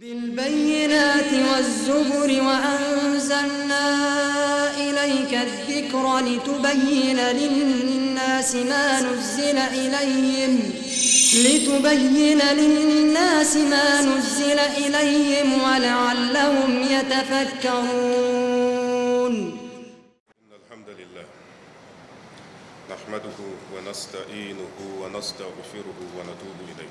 بالبينات والزبر وأنزلنا إليك الذكر لتبين للناس ما نزل إليهم لتبين للناس ما نزل إليهم ولعلهم يتفكرون إن الحمد لله نحمده ونستعينه ونستغفره ونتوب إليه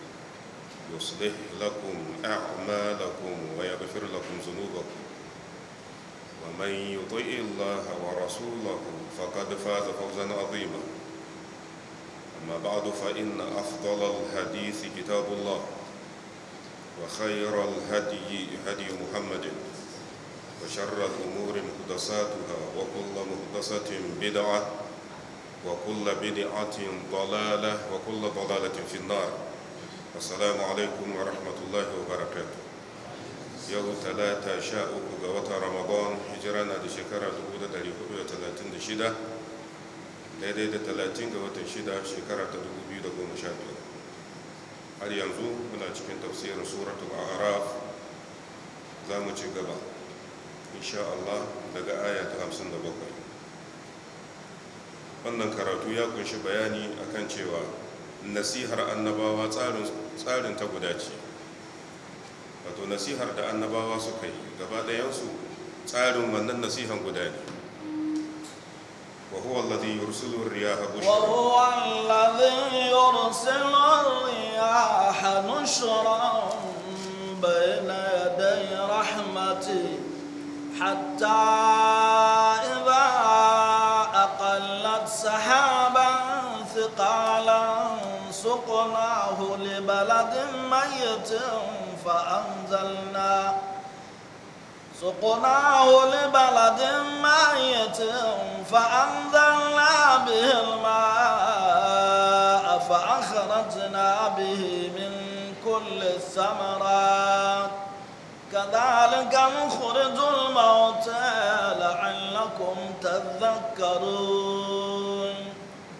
يصلح لكم أعمالكم ويغفر لكم ذنوبكم ومن يطع الله ورسوله فقد فاز فوزا عظيما أما بعد فإن أفضل الحديث كتاب الله وخير الهدي هدي محمد وشر الأمور مهدساتها وكل مهدسة بدعة وكل بدعة ضلالة وكل ضلالة في النار assalamu alaikum wa rahmatullahi wa barakatu yau talata sha uku ga watan ramadan hijira na da shekara 1436 daidai da 30 ga watan shida shekara ta 2015 har yanzu muna cikin tafsirin suratul araf za mu ci gaba insha Allah daga wannan karatu ya kunshi bayani akan cewa nasihar annabawa tsarin ta guda ce wato nasihar da annabawa suka yi gaba ɗayansu tsarin wannan nasihan guda ne وهو الذي يرسل الرياح بشرا وهو الذي يرسل الرياح نشرا بين يدي رحمته حتى إذا أقلت سحابا ثقالا فسقناه لبلد ميت فأنزلنا سقناه لبلد ميت فأنزلنا به الماء فأخرجنا به من كل الثمرات كذلك نخرج الموتى لعلكم تذكرون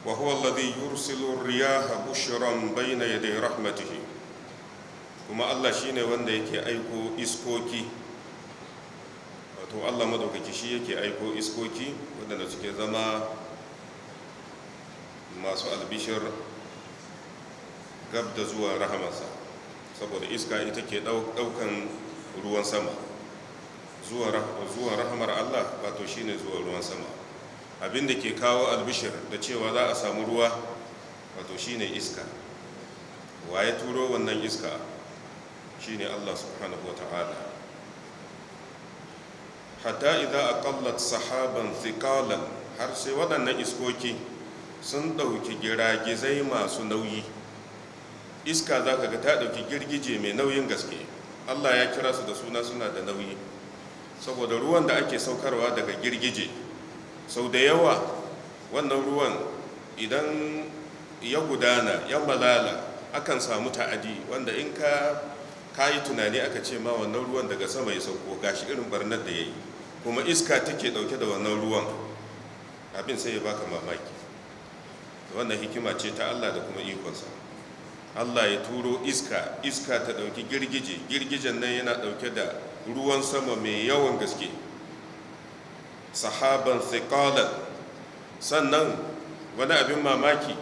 وهو الذي يرسل الرياح بشرا بين يدي رحمته كما الله ne wanda yake ايكو iskoki wato Allah madaukaki shi yake aiko iskoki waɗanda suke zama masu albishir gab da zuwa rahamarsa saboda iska ita ke daukan ruwan sama zuwa rahamar Allah wato shine zuwa ruwan sama abin da ke kawo albishir da cewa za a samu ruwa wato shine iska wa turo wannan iska shine Allah subhanahu wa ta'ala hatta idza aqallat sahaban thiqalan har sai waɗannan iskoki sun ɗauki giragizai masu nauyi iska za ka ga ta ɗauki girgije mai nauyin gaske allah ya kira su da suna suna da nauyi saboda ruwan da ake saukarwa daga girgije sau da yawa wannan ruwan idan ya gudana ya malala akan samu ta'adi wanda in ka kayi tunani aka ce ma wannan ruwan daga sama ya sauko gashi irin barnar da ya yi kuma iska take dauke da wannan ruwan abin sai ya baka mamaki wannan hikima ce ta Allah da kuma ikonsa Allah ya turo iska iska ta dauki girgije girgijen nan yana dauke da ruwan sama mai yawan gaske sahaban thiqalan sannan wani abin mamaki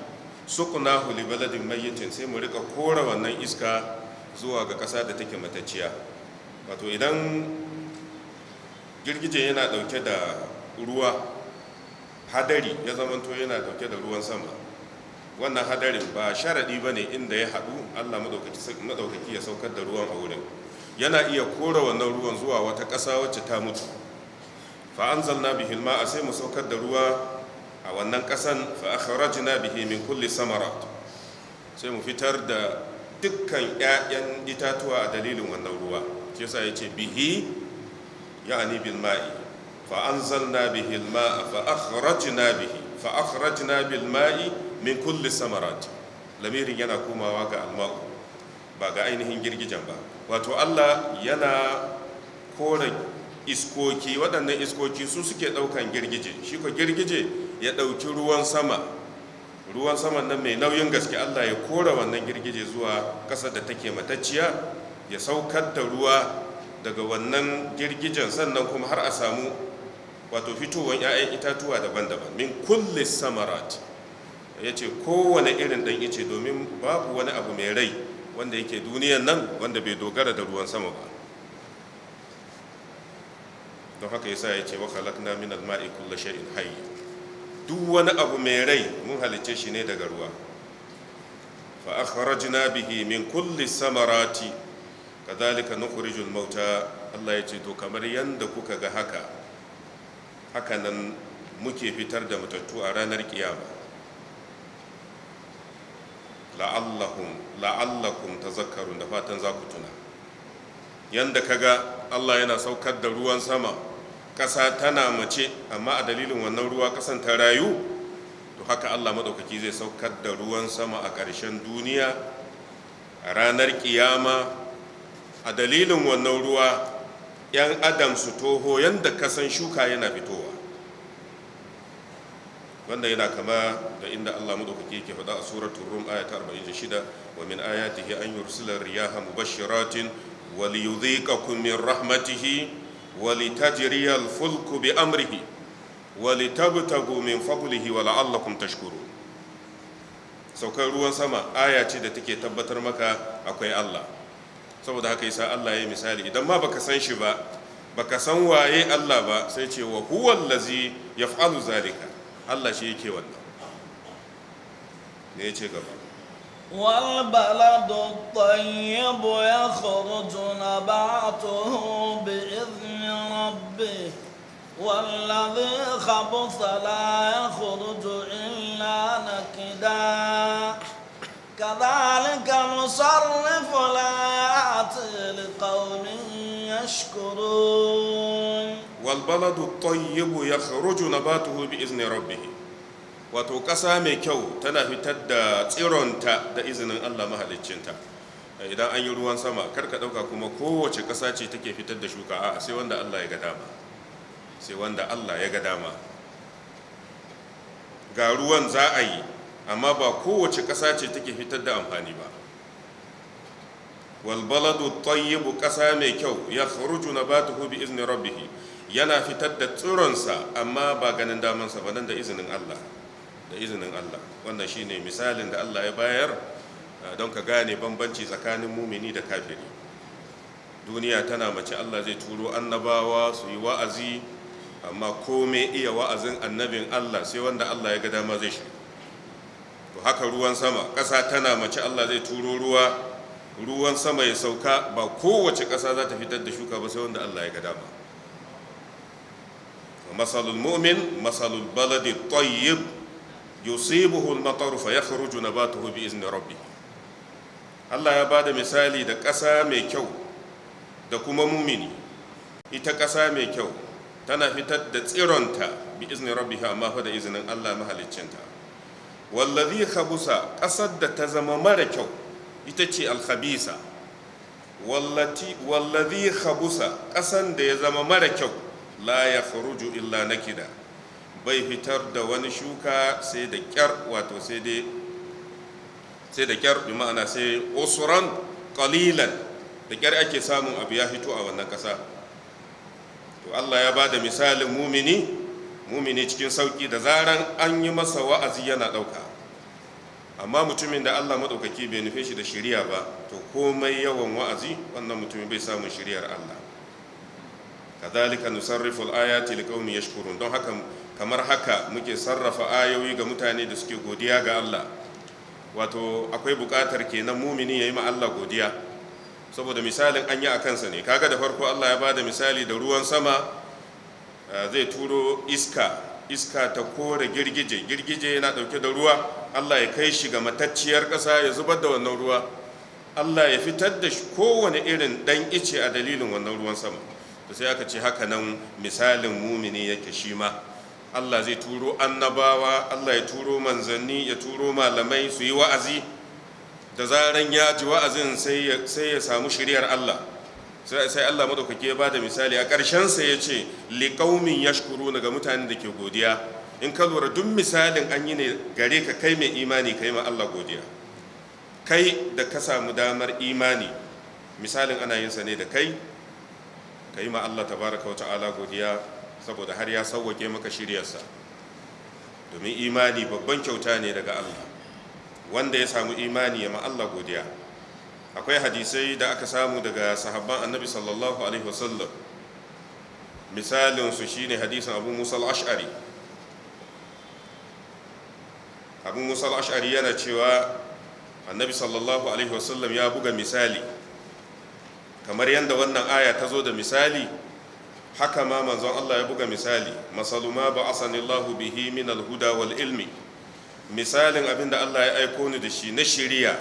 sukuna huli baladin mayyacin sai mu rika kora wannan iska zuwa ga ƙasa da take matacciya wato idan girgije yana ɗauke da ruwa hadari ya zamanto yana ɗauke da ruwan sama wannan hadarin ba sharaɗi ba ne inda ya haɗu allah maɗaukaki ya saukar da ruwan a wurin yana iya kora wannan ruwan zuwa wata ƙasa wacce ta mutu fa anzalna ma a sai mu saukar da ruwa a wannan ƙasan fa na bihi min kulli samarat sai mu fitar da dukkan 'ya'yan itatuwa a dalilin wannan ruwa shi yasa ce bihi ya ya'ani bil ma'i fa anzalna ma a fa na bihi fa na bil ma'i min kulli samarat lamirin yana komawa ga alma'u ba ga ainihin girgijen ba wato Allah yana kore iskoki waɗannan iskoki su suke ɗaukan girgije shi ko girgije ya ɗauki ruwan sama ruwan sama nan mai nauyin gaske allah ya kora wannan girgije zuwa ƙasa da take matacciya ya saukar da ruwa daga wannan girgijen sannan kuma har a samu wato fitowar 'ya'yan itatuwa daban-daban min kulle samarat ya ce kowane irin ɗan ice domin babu wani abu mai rai wanda yake duniyan nan wanda bai dogara da ruwan sama ba don haka yasa ya ce wa khalaqna min al-ma'i shay'in hayy duk wani abu mai rai mun halice shi ne daga ruwa fa akhrajna bihi min kulli samarati kadhalika nukhrijul mauta Allah ya ce to kamar yanda kuka ga haka haka nan muke fitar da matattu a ranar kiyama la'allakum la'allakum tazakkarun da fatan za ku tuna yanda kaga Allah yana saukar da ruwan sama ƙasa tana mace amma a dalilin wannan ruwa ƙasan ta rayu to haka allah maɗaukaki zai saukar da ruwan sama a ƙarshen duniya a ranar ƙiyama a dalilin wannan ruwa 'yan adam su toho yadda kasan shuka yana fitowa wanda yana kama da inda Allah madaukake ke faɗa a suratul rum aya ta 46 wa min ayatihi an yursila riyaha mubashiratin wa liyudhiqakum min rahmatihi ولتجري الفلك بأمره ولتبتغوا من فضله ولعلكم تشكرون saukar ruwan sama aya ce da take tabbatar maka akwai Allah saboda haka yasa Allah ya yi misali idan ma baka san shi ba baka san waye Allah ba sai ce wa huwal lazi yaf'alu zalika Allah shi yake wannan ne ya ce gaba والبلد الطيب يخرج نبعته بإذن ربه والذي خبث لا يخرج إلا نكدا كذلك نصرف الآيات لقوم يشكرون والبلد الطيب يخرج نباته بإذن ربه wato ƙasa mai kyau tana fitar da tsironta da izinin allah mahalicinta idan an yi ruwan sama karka ɗauka kuma kowace ƙasa ce take fitar da shuka a sai wanda allah ya ga dama sai wanda allah ya ga dama ga ruwan za a yi amma ba kowace ƙasa ce take fitar da amfani ba walbaladu tayyibu ƙasa mai kyau ya furuju na batuhu bi izinin rabbihi yana fitar da tsironsa amma ba ganin damansa ba nan da izinin allah da izinin Allah wannan shine misalin da Allah ya bayar don ka gane bambanci tsakanin mumini da kafiri duniya tana mace Allah zai turo annabawa su yi wa'azi amma kome iya wa'azin annabin Allah sai wanda Allah ya ga dama zai shi to haka ruwan sama ƙasa tana mace Allah zai turo ruwa ruwan sama ya sauka ba kowace ƙasa za ta fitar da shuka ba sai wanda Allah ya ga dama masalul mu'min masalul baladi tayyib yusibuhu al-matar fa yakhruju nabatuhu bi izni rabbi Allah ya bada misali da ƙasa mai kyau da kuma mumini ita ƙasa mai kyau tana fitar da tsironta bi izni rabbiha amma fa da izinin Allah mahaliccinta wallazi khabusa ƙasar da ta zama mara kyau ita ce al-khabisa wallazi ƙasan da ya zama mara kyau la ya illa na nakida bai fitar da wani shuka sai da kyar wato sai dai sai da kyar bi ma'ana sai usuran qalilan da kyar ake samun abu ya fito a wannan kasa to Allah ya da misalin mumini mumini cikin sauki da zaran an yi masa wa'azi yana ɗauka amma mutumin da Allah madaukaki bai nufe shi da shari'a ba to komai yawan wa'azi wannan mutumin bai samun shari'ar Allah kadhalika nusarrifu al-ayati liqaumin yashkurun don haka kamar haka muke sarrafa ayoyi ga mutane da suke godiya ga Allah wato akwai bukatar kenan mumini ya yi ma Allah godiya saboda misalin an yi a kansa ne kaga da farko Allah ya ba da misali da ruwan sama eh, zai turo iska iska ta kore girgije girgije yana dauke da ruwa Allah ya kai shi ga matacciyar ƙasa ya zubar da wannan ruwa Allah ya fitar da kowane irin dan ice a dalilin wannan ruwan sama to sai aka ce haka nan misalin mumini yake shi ma Allah zai turo annabawa Allah ya turo manzanni ya turo malamai su yi wa'azi da zaran ya ji wa'azin sai ya samu shiriyar Allah sai Allah madaukake ya bada misali a ƙarshensa ya ce liƙaumin ya shukuru daga mutanen da ke godiya in ka lura duk misalin an yi ne gare ka kai mai imani kai ma Allah godiya kai da ka samu damar imani misalin ana yin sa ne da kai kai ma Allah tabaraka wa ta'ala godiya saboda har ya sauwake maka shiryarsa domin imani babban kyauta ne daga Allah wanda ya samu imani ya ma Allah godiya akwai hadisai da aka samu daga sahabban annabi sallallahu alaihi wasallam misalinsu shi ne hadisin abu musa al-ash'ari abu musa ashari yana cewa annabi sallallahu alaihi wasallam ya buga misali kamar yadda wannan aya ta zo da misali haka ma manzon Allah ya buga misali masaluma ba asanillahu bihi min alhuda wal ilmi misalin abinda Allah ya aiko ni da shi na shiriya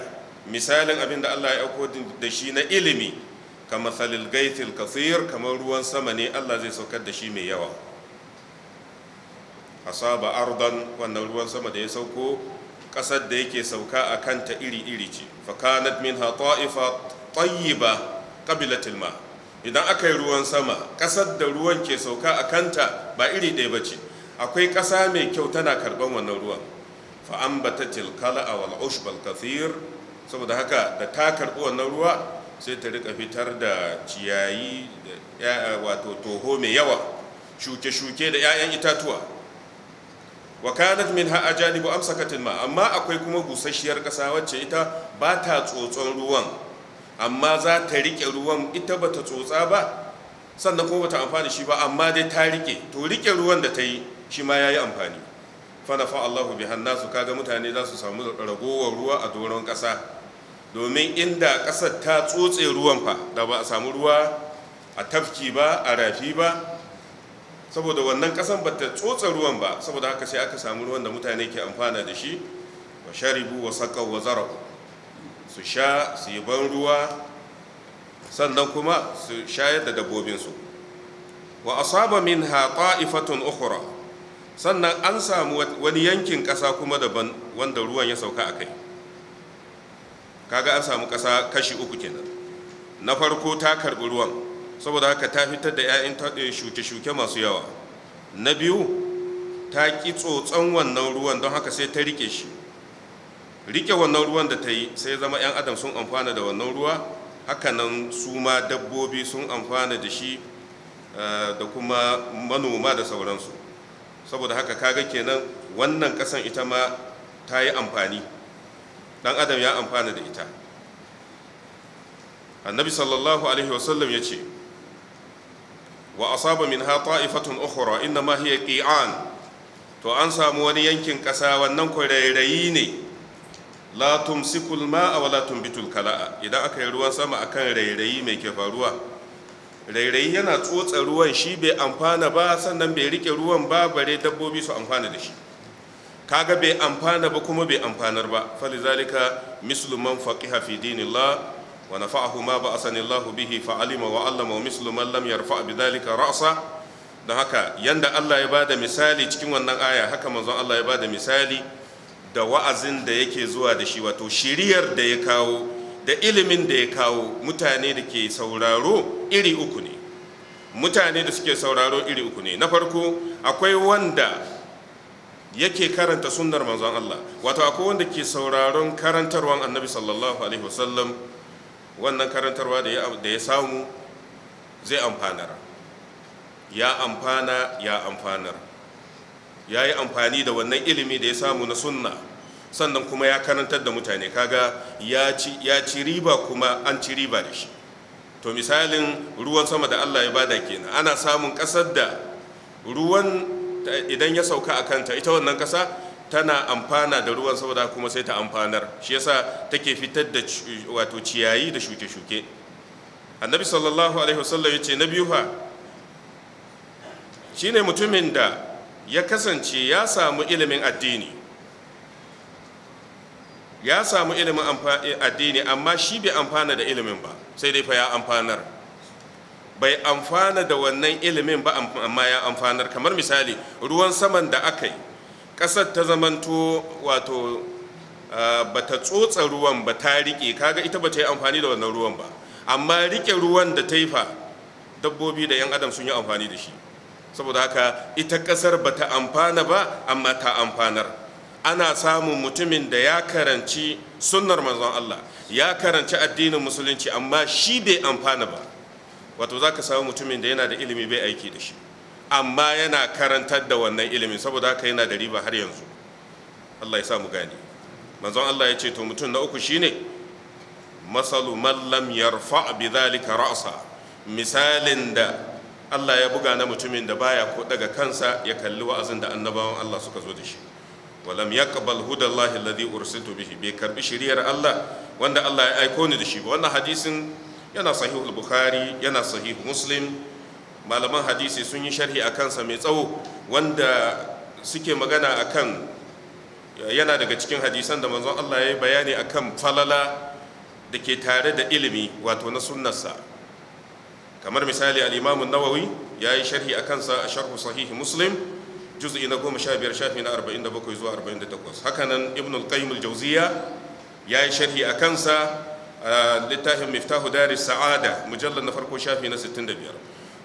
misalin abinda Allah ya aiko da shi na ilimi kama salil gaitil kasir kamar ruwan sama ne Allah zai saukar da shi mai yawa asaba ardan wannan ruwan sama da ya sauko ƙasar da yake sauka a kanta iri-iri ce fakanat min ha ta'ifa tayyiba qabilatil ma' idan aka yi ruwan sama ƙasar da ruwan ke sauka a kanta ba iri ɗaya ba ce akwai ƙasa mai kyau tana karɓar wannan ruwan fa'an ba ta tilkala a wal'ushbal kafir saboda haka da ta karɓi wannan ruwa sai ta rika fitar da ciyayi da wato toho mai yawa shuke-shuke da 'ya'yan itatuwa wa kanat min janibu amsakatin ma amma akwai kuma busasshiyar ƙasa wacce ita ba ta tsotson ruwan amma za ta rike ruwan ita ba ta tsotsa ba sannan kuma bata amfani shi ba amma dai ta riƙe to riƙe ruwan da ta yi shi ma ya yi amfani fanafa allahu bi hannasu kaga mutane za su samu ragowar ruwa a doron ƙasa domin inda ƙasar ta tsotse ruwan fa da ba a samu ruwa a tafki ba a rafi ba saboda wannan ƙasar ba ta tsotse ruwan ba saboda haka sai aka samu ruwan da mutane ke amfana da shi wa sharibu wa saƙa wa zarafu su sha su yi ban ruwa sannan kuma su shayar da dabbobinsu wa asaba min haƙa ta'ifatun ukhra sannan an samu wani yankin ƙasa kuma daban wanda ruwan ya sauka a kai kaga an samu ƙasa kashi uku kenan na farko ta karɓi ruwan saboda haka ta fitar da 'ya'yan eh, shuke-shuke masu yawa na biyu ta ƙi tsotson wannan ruwan don haka sai ta rike shi rike wannan ruwan da ta yi sai zama 'yan adam sun amfana da wannan ruwa hakanan su ma dabbobi sun amfana da shi eh, da kuma manoma da sauransu saboda haka kaga kenan wannan kasan ita ma ta yi amfani dan adam ya amfana da ita annabi sallallahu alaihi wasallam ya ce wa asaba min ha ta'ifatun ukhra inna hiya qi'an to an samu wani yankin kasa wannan kurairayi ne la tumsikul ma'a wa la tumbitul kala'a idan aka yi ruwan sama akan rairayi mai ke faruwa rairayi yana tsotsa ruwan shi bai amfana ba sannan bai rike ruwan ba bare dabbobi su amfana da shi kaga bai amfana ba kuma bai amfanar ba falizalika musulman man faqiha fi dinillah wa nafa'ahu ma ba'asanillahu bihi fa'alima wa 'allama wa musulman lam yarfa' bidhalika ra'sa don haka yanda Allah ya bada misali cikin wannan aya haka manzon Allah ya ba da misali da wa'azin da yake zuwa da shi wato shiriyar da ya kawo da ilimin da ya kawo mutane da ke sauraro iri uku ne mutane da suke sauraro iri uku ne na farko akwai wanda yake karanta sunnar manzon Allah wato akwai wanda ke sauraron karantarwan annabi sallallahu alaihi wasallam wannan karantarwa da ya samu zai amfanar ya amfana ya amfanar ya yi amfani da wannan ilimi da ya samu na sunna sannan kuma ya karantar da mutane kaga ya ci riba kuma an ci riba da shi to misalin ruwan sama da allah ya bada kenan ana samun kasar da ruwan idan ya sauka a kanta ita wannan kasa tana amfana da ruwan saboda kuma sai ta amfanar shi yasa take fitar da wato ciyayi da shuke-shuke annabi sallallahu alaihi wasallam ya ce na biyu fa shine mutumin da ya kasance ya samu ilimin addini ya samu ilimin addini amma shi bai amfana da ilimin ba sai dai fa ya amfanar bai amfana da wannan ilimin ba amma ya amfanar kamar misali ruwan saman da aka yi ƙasar ta zamanto wato ba ta tsotsa ruwan ba ta riƙe kaga ita ba ta yi amfani da wannan ruwan ba amma riƙe ruwan da ta yi fa dabbobi da 'yan adam sun yi amfani da shi saboda haka ita ƙasar ba ta amfana ba amma ta amfanar ana samun mutumin da ya karanci sunnar manzon Allah ya karanci addinin musulunci amma shi bai amfana ba wato za ka samu mutumin da yana da ilimi bai aiki da shi amma yana karantar da wannan ilimi saboda haka yana da riba har yanzu Allah ya samu gani Allah ya ce to mutum na uku shine masalu man lam yarfa bi dhalika ra'sa misalin da Allah ya buga na mutumin da baya ko daga kansa ya kalli wa'azin da annabawan Allah suka zo da shi walam yaqbal hudallahi alladhi ursiltu bihi bai karbi shiriyar Allah wanda Allah ya aiko ni da shi ba wannan hadisin yana sahih al-bukhari yana sahih muslim malaman hadisi sun yi sharhi a kansa mai tsawo wanda suke magana akan yana daga cikin hadisan da manzon Allah ya yi bayani akan falala da ke tare da ilimi wato na sunnarsa kamar misali al nawawi ya yi sharhi a kansa a sharhu sahihi muslim juz'i na goma sha biyar shafi na arba'in da bakwai zuwa arba'in da takwas hakanan ibn al-qayyim jauziya ya yi sharhi a kansa a littafin miftahu dari sa'ada mujallar na farko shafi na sittin da biyar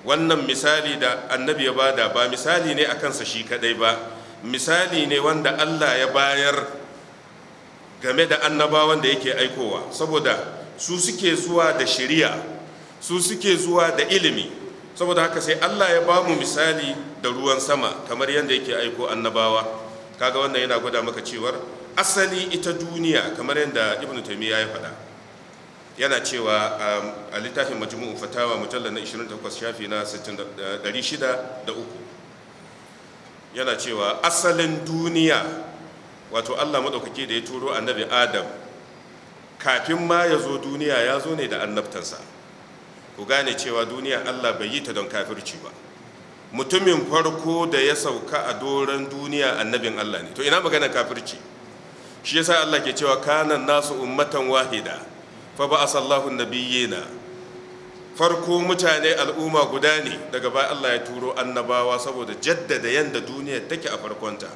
wannan misali da annabi ya bada ba misali ne a kansa shi kadai ba misali ne wanda allah ya bayar game da annabawan da yake aikowa saboda su suke zuwa da shari'a su suke zuwa da ilimi saboda haka sai Allah ya ba mu misali da ruwan sama kamar yadda yake aiko annabawa kaga wannan yana gwada maka cewar asali ita duniya kamar yadda Ibn taymiya ya faɗa yana cewa um, a littafin majmu'u fatawa mujalla na 28 shafi na 603 eh, yana cewa asalin duniya wato Allah madaukake da ya turo annabi Adam kafin ma ya zo duniya ya zo ne da annabtansa ku gane cewa duniya Allah bai yi ta don kafirci ba mutumin farko da ya sauka a doron duniya annabin Allah ne to ina magana kafirci shi yasa Allah ke cewa kanan nasu ummatan wahida fa ba asallahu nabiyina farko mutane al'umma guda ne daga baya Allah ya turo annabawa saboda jaddada yanda duniya take a farkonta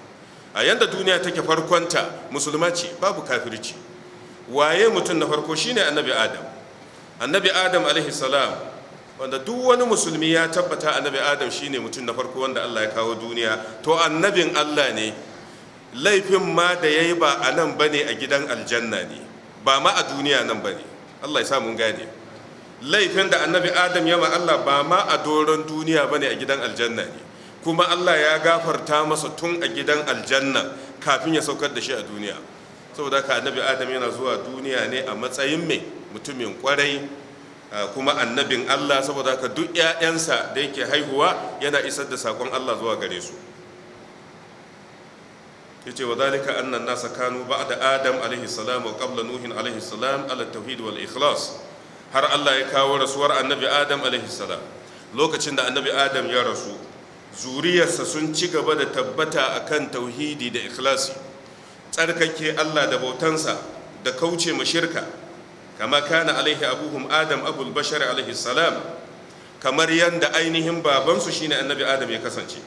a yanda duniya take farkonta musulma ce babu kafirci waye mutum na farko shine annabi adam annabi adam alaihi salam wanda duk wani musulmi ya tabbata annabi adam shine mutum na farko wanda Allah ya kawo duniya to annabin Allah ne laifin ma da yayi ba a nan bane a gidan aljanna ne ba ma a duniya nan bane Allah ya sa mun gane laifin da annabi adam ya ma Allah ba ma a doron duniya bane a gidan aljanna ne kuma Allah ya gafarta masa tun a gidan aljanna kafin ya saukar da shi a duniya saboda ka annabi adam yana zuwa duniya ne a matsayin mai mutumin kwarai kuma annabin Allah saboda haka duk 'ya'yansa da yake haihuwa yana isar da sakon Allah zuwa gare su yace wa zalika annan nasa kanu ba'da adam alaihi salam wa qabla nuhin alaihi salam ala tauhid wal ikhlas har Allah ya kawo rasuwar annabi adam alaihi salam lokacin da annabi adam ya rasu zuriyarsa sun ci gaba da tabbata akan tauhidi da ikhlasi tsarkake Allah da bautansa da kauce ma shirka kama kana alaihi abuhum adam abul bashar kamar yadda ainihin babansu shine annabi adam ya kasance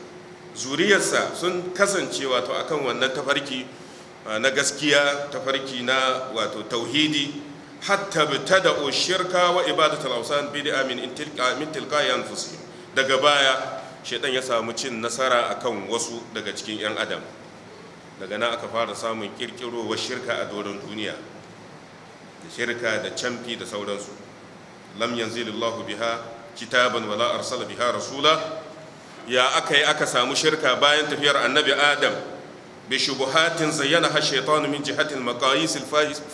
zuriyarsa sun kasance wato akan wannan tafarki ah, na gaskiya tafarki na wato tauhidi hatta btada shirka wa ibadatul awsan bid'a daga baya shedan ya samu cin nasara akan wasu daga cikin yan adam daga nan aka fara samun kirkirowar shirka a doron duniya da shirka da camfi da sauransu lam yanzilillahu biha kitaban wala arsala biha rasula ya aka yi aka samu shirka bayan tafiyar annabi adam bi shubuhatin zayyana ha shaytanu min jihatin maqayis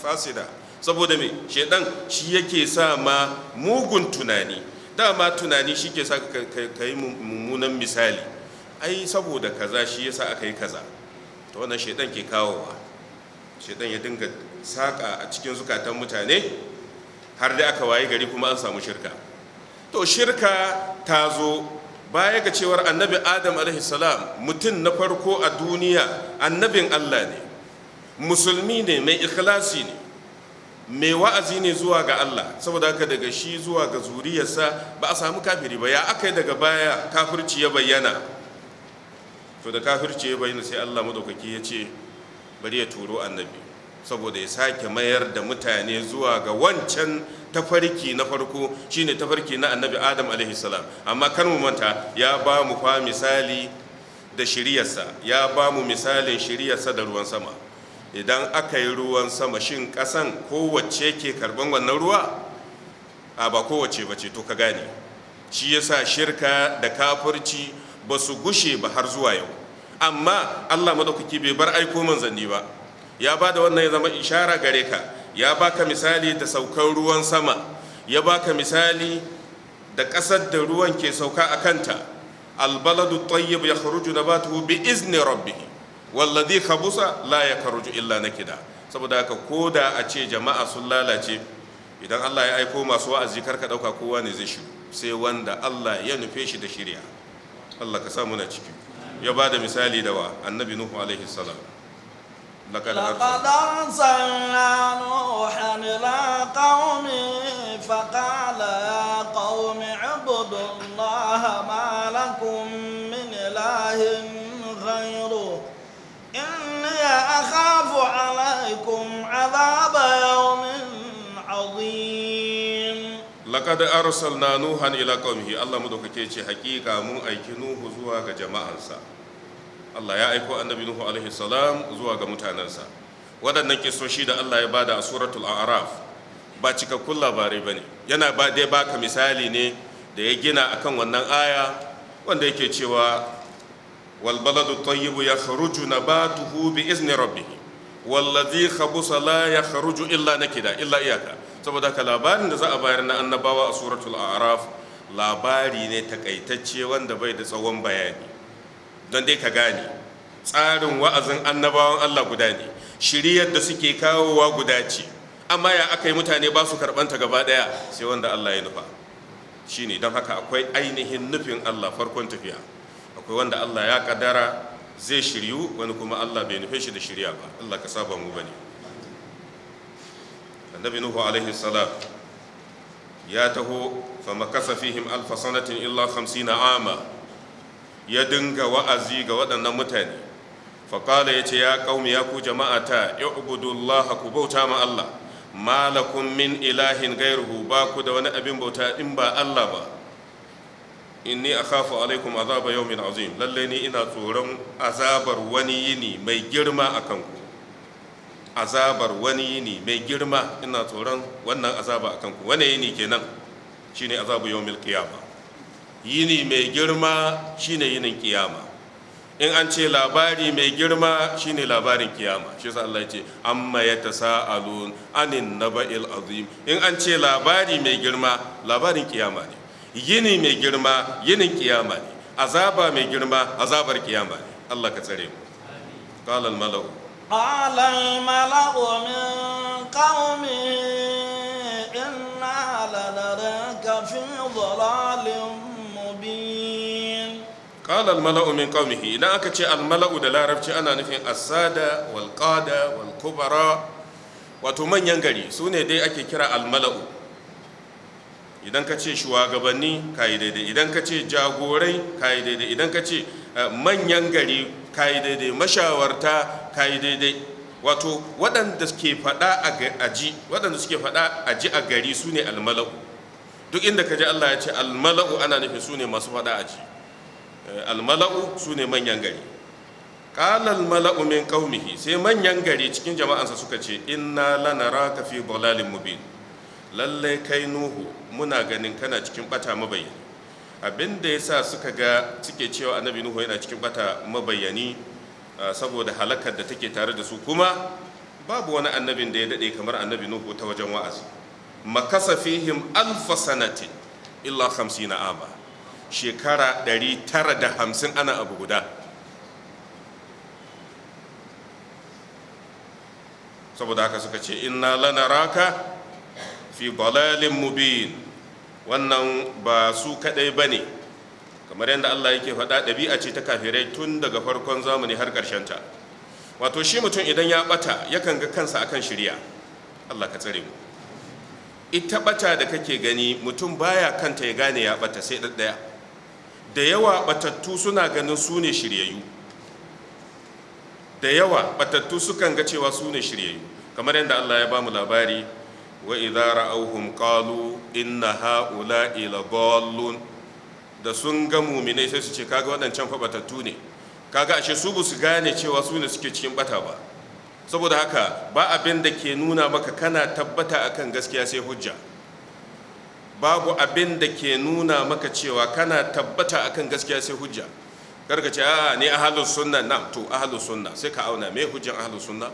fasida saboda me shaidan shi yake sa ma mugun tunani dama tunani shi ke sa ka yi mummunan misali ai saboda kaza shi yasa aka yi kaza to wannan shaidan ke kawowa shaidan ya dinga saƙa a cikin zukatan mutane har da aka waye gari kuma an samu shirka to shirka ta zo baya ga cewar annabi adam salam mutum na farko a duniya annabin allah ne musulmi ne mai ikhlasi ne mai wa'azi ne zuwa ga allah saboda haka daga shi zuwa ga zuriyarsa ba a samu kafiri ba ya aka yi daga baya kafirci ya bayyana to da kafirci ya bayyana sai allah madaukaki ya ce bari ya turo annabi saboda ya sake mayar da mutane zuwa ga wancan tafarki na farko shine tafarki na annabi adam alaihi salam amma kan manta ya ba mu fa misali da shiryarsa ya ba mu misalin shiryarsa da ruwan sama idan aka yi ruwan sama shin kasan kowace ke karban wannan ruwa a ba kowace ba ce to ka gane shi yasa shirka da kafirci ba su gushe ba har zuwa yau amma allah madaukaki bai bar aiko manzanni ba ya ba da wannan ya zama ishara gare ka ya baka misali da saukan ruwan sama ya baka misali da ƙasar da ruwan ke sauka a kanta albaladu tayyib ya kharuju nabatuhu bi izni rabbi' wallazi khabusa la ya kharuju illa nakida saboda haka da a ce jama'a sun lalace idan Allah ya aiko masu wa'azi karka dauka kowa ne zai shigo sai wanda Allah ya nufe shi da shirya Allah ka sa muna ciki ya ba da misali da wa annabi nuhu alaihi salam لقد أرسلنا نوحا إلى قومه فقال يا قوم اعبدوا الله ما لكم من إله غيره إني أخاف عليكم عذاب يوم عظيم لقد أرسلنا نوحا إلى قومه الله مدوكتي حقيقة مو أيكي نوح زواج جماعة Allah ya aiko annabi Nuhu alaihi salam zuwa ga mutanensa waɗannan kisoshi da Allah ya bada a suratul a'raf ba cikakkun labarai bane yana ba dai baka misali ne da ya gina akan wannan aya wanda yake cewa wal baladu tayyibu yakhruju nabatuhu bi izni rabbih wallazi khabusa la yakhruju illa nakida illa iyaka saboda ka labarin da za a bayar na annabawa a suratul a'raf labari ne takaitacce wanda bai da tsawon bayani don dai ka gane tsarin wa'azin annabawan Allah guda ne shiriyar da suke kawowa guda ce amma ya aka yi mutane ba su karɓanta gaba ɗaya sai wanda Allah ya nufa shi ne don haka akwai ainihin nufin Allah farkon tafiya akwai wanda Allah ya ƙadara zai shiryu wani kuma Allah bai nufe shi da shirya ba Allah ka saba mu bane annabi nuhu alaihi salam ya taho fa makasa fihim alfa sanatin illa 50 ama ya dinga wa'azi ga waɗannan mutane faƙala ya ce ya ƙaumi ya ku jama'ata ya ubudullaha ku bauta ma Allah malakun min ilahin gairuhu ba ku da wani abin bauta in ba Allah ba a akhafu alaikum azaba min azim lalle ni ina tsoron azabar wani yini mai girma a kanku. azabar wani yini mai girma ina tsoron wannan azaba a kanku wani yini kenan shine azabu yawmil qiyamah yini mai girma shine yinin kiyama in an ce labari mai girma shine labarin kiyama shi yasa Allah ya ce amma ya tasa'alun anin naba'il azim in an ce labari mai girma labarin kiyama ne yini mai girma yinin kiyama ne azaba mai girma azabar kiyama ne Allah ka tsare mu qala al mala'u qala al mala'u min qaumi inna lanaraka fi dhalalin qala al mala'u min qaumihi aka ce al da larabci ana nufin asada wal wato manyan gari su ne dai ake kira al mala'u idan ka ce shugabanni kai daidai idan ka ce jagorai kai daidai idan ka ce eh, manyan gari kai daidai mashawarta kai daidai wato waɗanda suke faɗa a ji a gari su ne almala'u duk inda ka ji Allah ya ce almala'u ana nufin su ne masu faɗa a ji Eh, almala'u su ne manyan gari ƙalal mala'u min ƙaumihi sai manyan gari cikin jama'ansa suka ce inna lanara ka fi bolalin mubin lallai kai nuhu muna ganin kana cikin bata mabayyani abin da ya sa suka ga suke cewa annabi nuhu yana cikin bata mabayani ah, saboda halakar da take tare da su kuma babu wani annabin da ya daɗe kamar annabi nuhu ta wajen wa'azi makasa fihim alfa sanatin illa hamsina ama shekara 950 ana abu guda saboda haka suka ce inna lana raka fi balalin mubin wannan ba su kadai ba ne kamar yadda allah yake faɗa ɗabi'a ce ta kafirai tun daga farkon zamani har ta. wato shi mutum idan ya ɓata yakan ga kansa akan shirya allah ka tsare mu ita ɓata da kake gani mutum baya kanta ya gane ya ɓata sai ɗaɗɗaya da yawa batattu suna ganin su ne shiryayyu da yawa batattu sukan ga cewa su ne shiryayyu kamar yadda Allah ya ba mu labari wa idza ra'awhum qalu inna ha'ula'i ladallun da sun ga mu'minai sai su ce kaga waɗancan fa batattu ne kaga ashe su ba su gane cewa su ne suke cikin bata ba saboda haka ba abin da ke nuna maka kana tabbata akan gaskiya sai hujja babu abin da ke nuna maka cewa kana tabbata akan gaskiya sai hujja karka ce a ne ahalus sunna na to ahalus sunna sai ka auna me hujjar ahalus sunna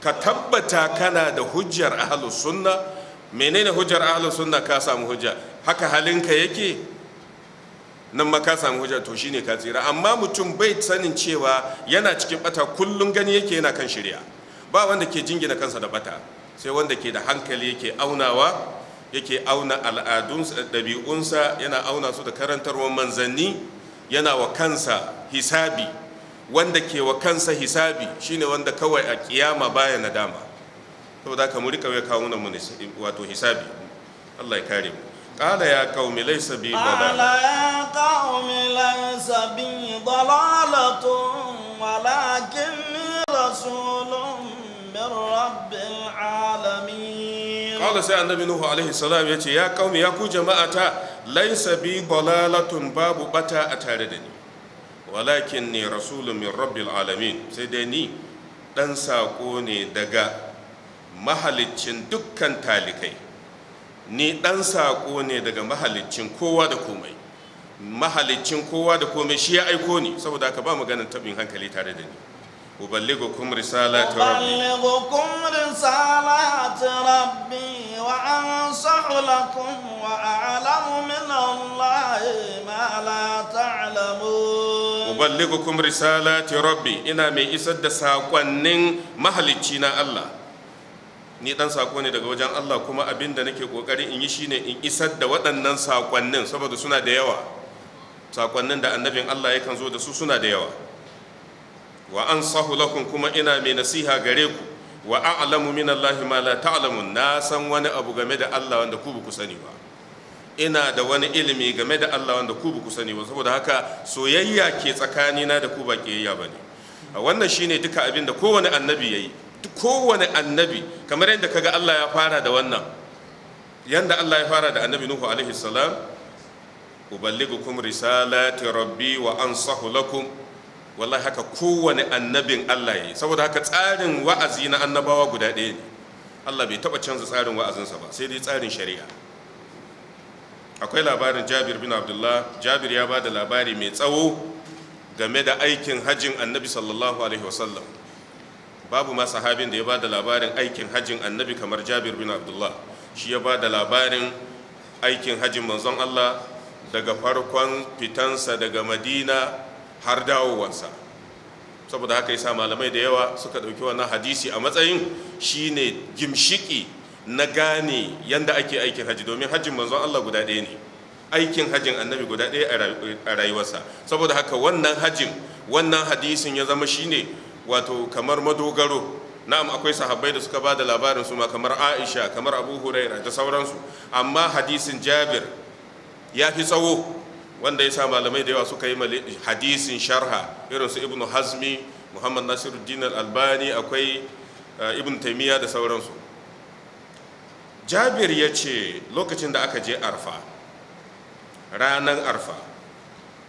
ka tabbata kana da hujjar ahalus sunna menene hujjar ahalus sunna ka samu hujja haka halinka yake nan ma ka samu hujja to shine ka tsira amma mutum bai sanin cewa yana cikin bata kullum gani yake yana kan shirya ba wanda ke jingina kansa da bata sai wanda ke da hankali yake aunawa yake auna al'adunsa ɗabi'unsa yana auna su da karantarwar manzanni yana wa kansa hisabi wanda ke wa kansa hisabi shine wanda kawai a kiyama baya nadama saboda ka muri rika wai kawo mu wato hisabi Allah ya kare mu qala ya qaumi laysa bi ضلالة قال يا قوم ليس بي ضلالة ولكني من رب العالمين قال سيدنا النبي نوح عليه السلام يتي يا قوم يا كو جماعة ليس بي ضلاله باب بتا أتاردني ولكني رسول من رب العالمين سيدني دان ساقوني دقا mahaliccin dukkan talikai ni ɗan saƙo ne daga mahaliccin kowa da komai mahaliccin kowa da komai shi ya aiko ni saboda haka ba maganar tabin hankali tare da ni أبلغكم رسالة ربي وأنصح لكم وأعلم من الله ما لا تعلمون أبلغكم رسالة ربي إنا مي إسد مهل مهلتشينا الله ni dan sako ne daga wajen Allah kuma abin da nake kokari in yi shine in isar da waɗannan sakonnin saboda suna da yawa sakonnin da annabin Allah yakan zo da su suna da yawa wa ansahu lakum kuma ina mai nasiha gare ku wa a'lamu min Allah ma la ta'lamun na san wani abu game da Allah wanda ku ku sani ba ina da wani ilimi game da Allah wanda ku ku sani ba saboda haka soyayya ke tsakanina da ku ba ke kiyayya bane wannan shine duka abin da kowane annabi yayi kowane annabi kamar yadda kaga Allah ya fara da wannan yanda Allah ya fara da annabi Nuhu alaihi salam uballigukum risalati rabbi wa ansahu lakum wallahi haka kowane annabin Allah yi saboda haka tsarin wa'azi na annabawa guda ɗaya ne Allah bai taɓa canza tsarin wa'azinsa ba sai dai tsarin shari'a akwai labarin jabir bin abdullah jabir ya ba da labari mai tsawo game da aikin hajjin annabi sallallahu alaihi wasallam babu ma sahabin da ya ba da labarin aikin hajjin annabi kamar jabir bin abdullah shi ya ba da labarin aikin hajjin manzon allah daga farkon fitansa daga madina har dawowarsa saboda haka yasa malamai da yawa suka ɗauki wannan hadisi a matsayin shine gimshiki na gane yanda ake aikin haji domin hajjin manzon Allah guda ɗaya ne aikin hajjin annabi guda ɗaya a rayuwarsa saboda haka wannan hajjin wannan hadisin ya zama shine wato kamar madogaro na'am akwai sahabbai da suka ba da labarin su ma kamar Aisha kamar Abu Huraira da sauransu amma hadisin Jabir ya fi tsawo wanda ya sa malamai da yawa suka yi hadisin sharha irinsu ibn hazmi muhammad nasiruddin albani akwai eh, ibn taimiyya da sauransu jabir ya ce lokacin da aka je arfa ranar arfa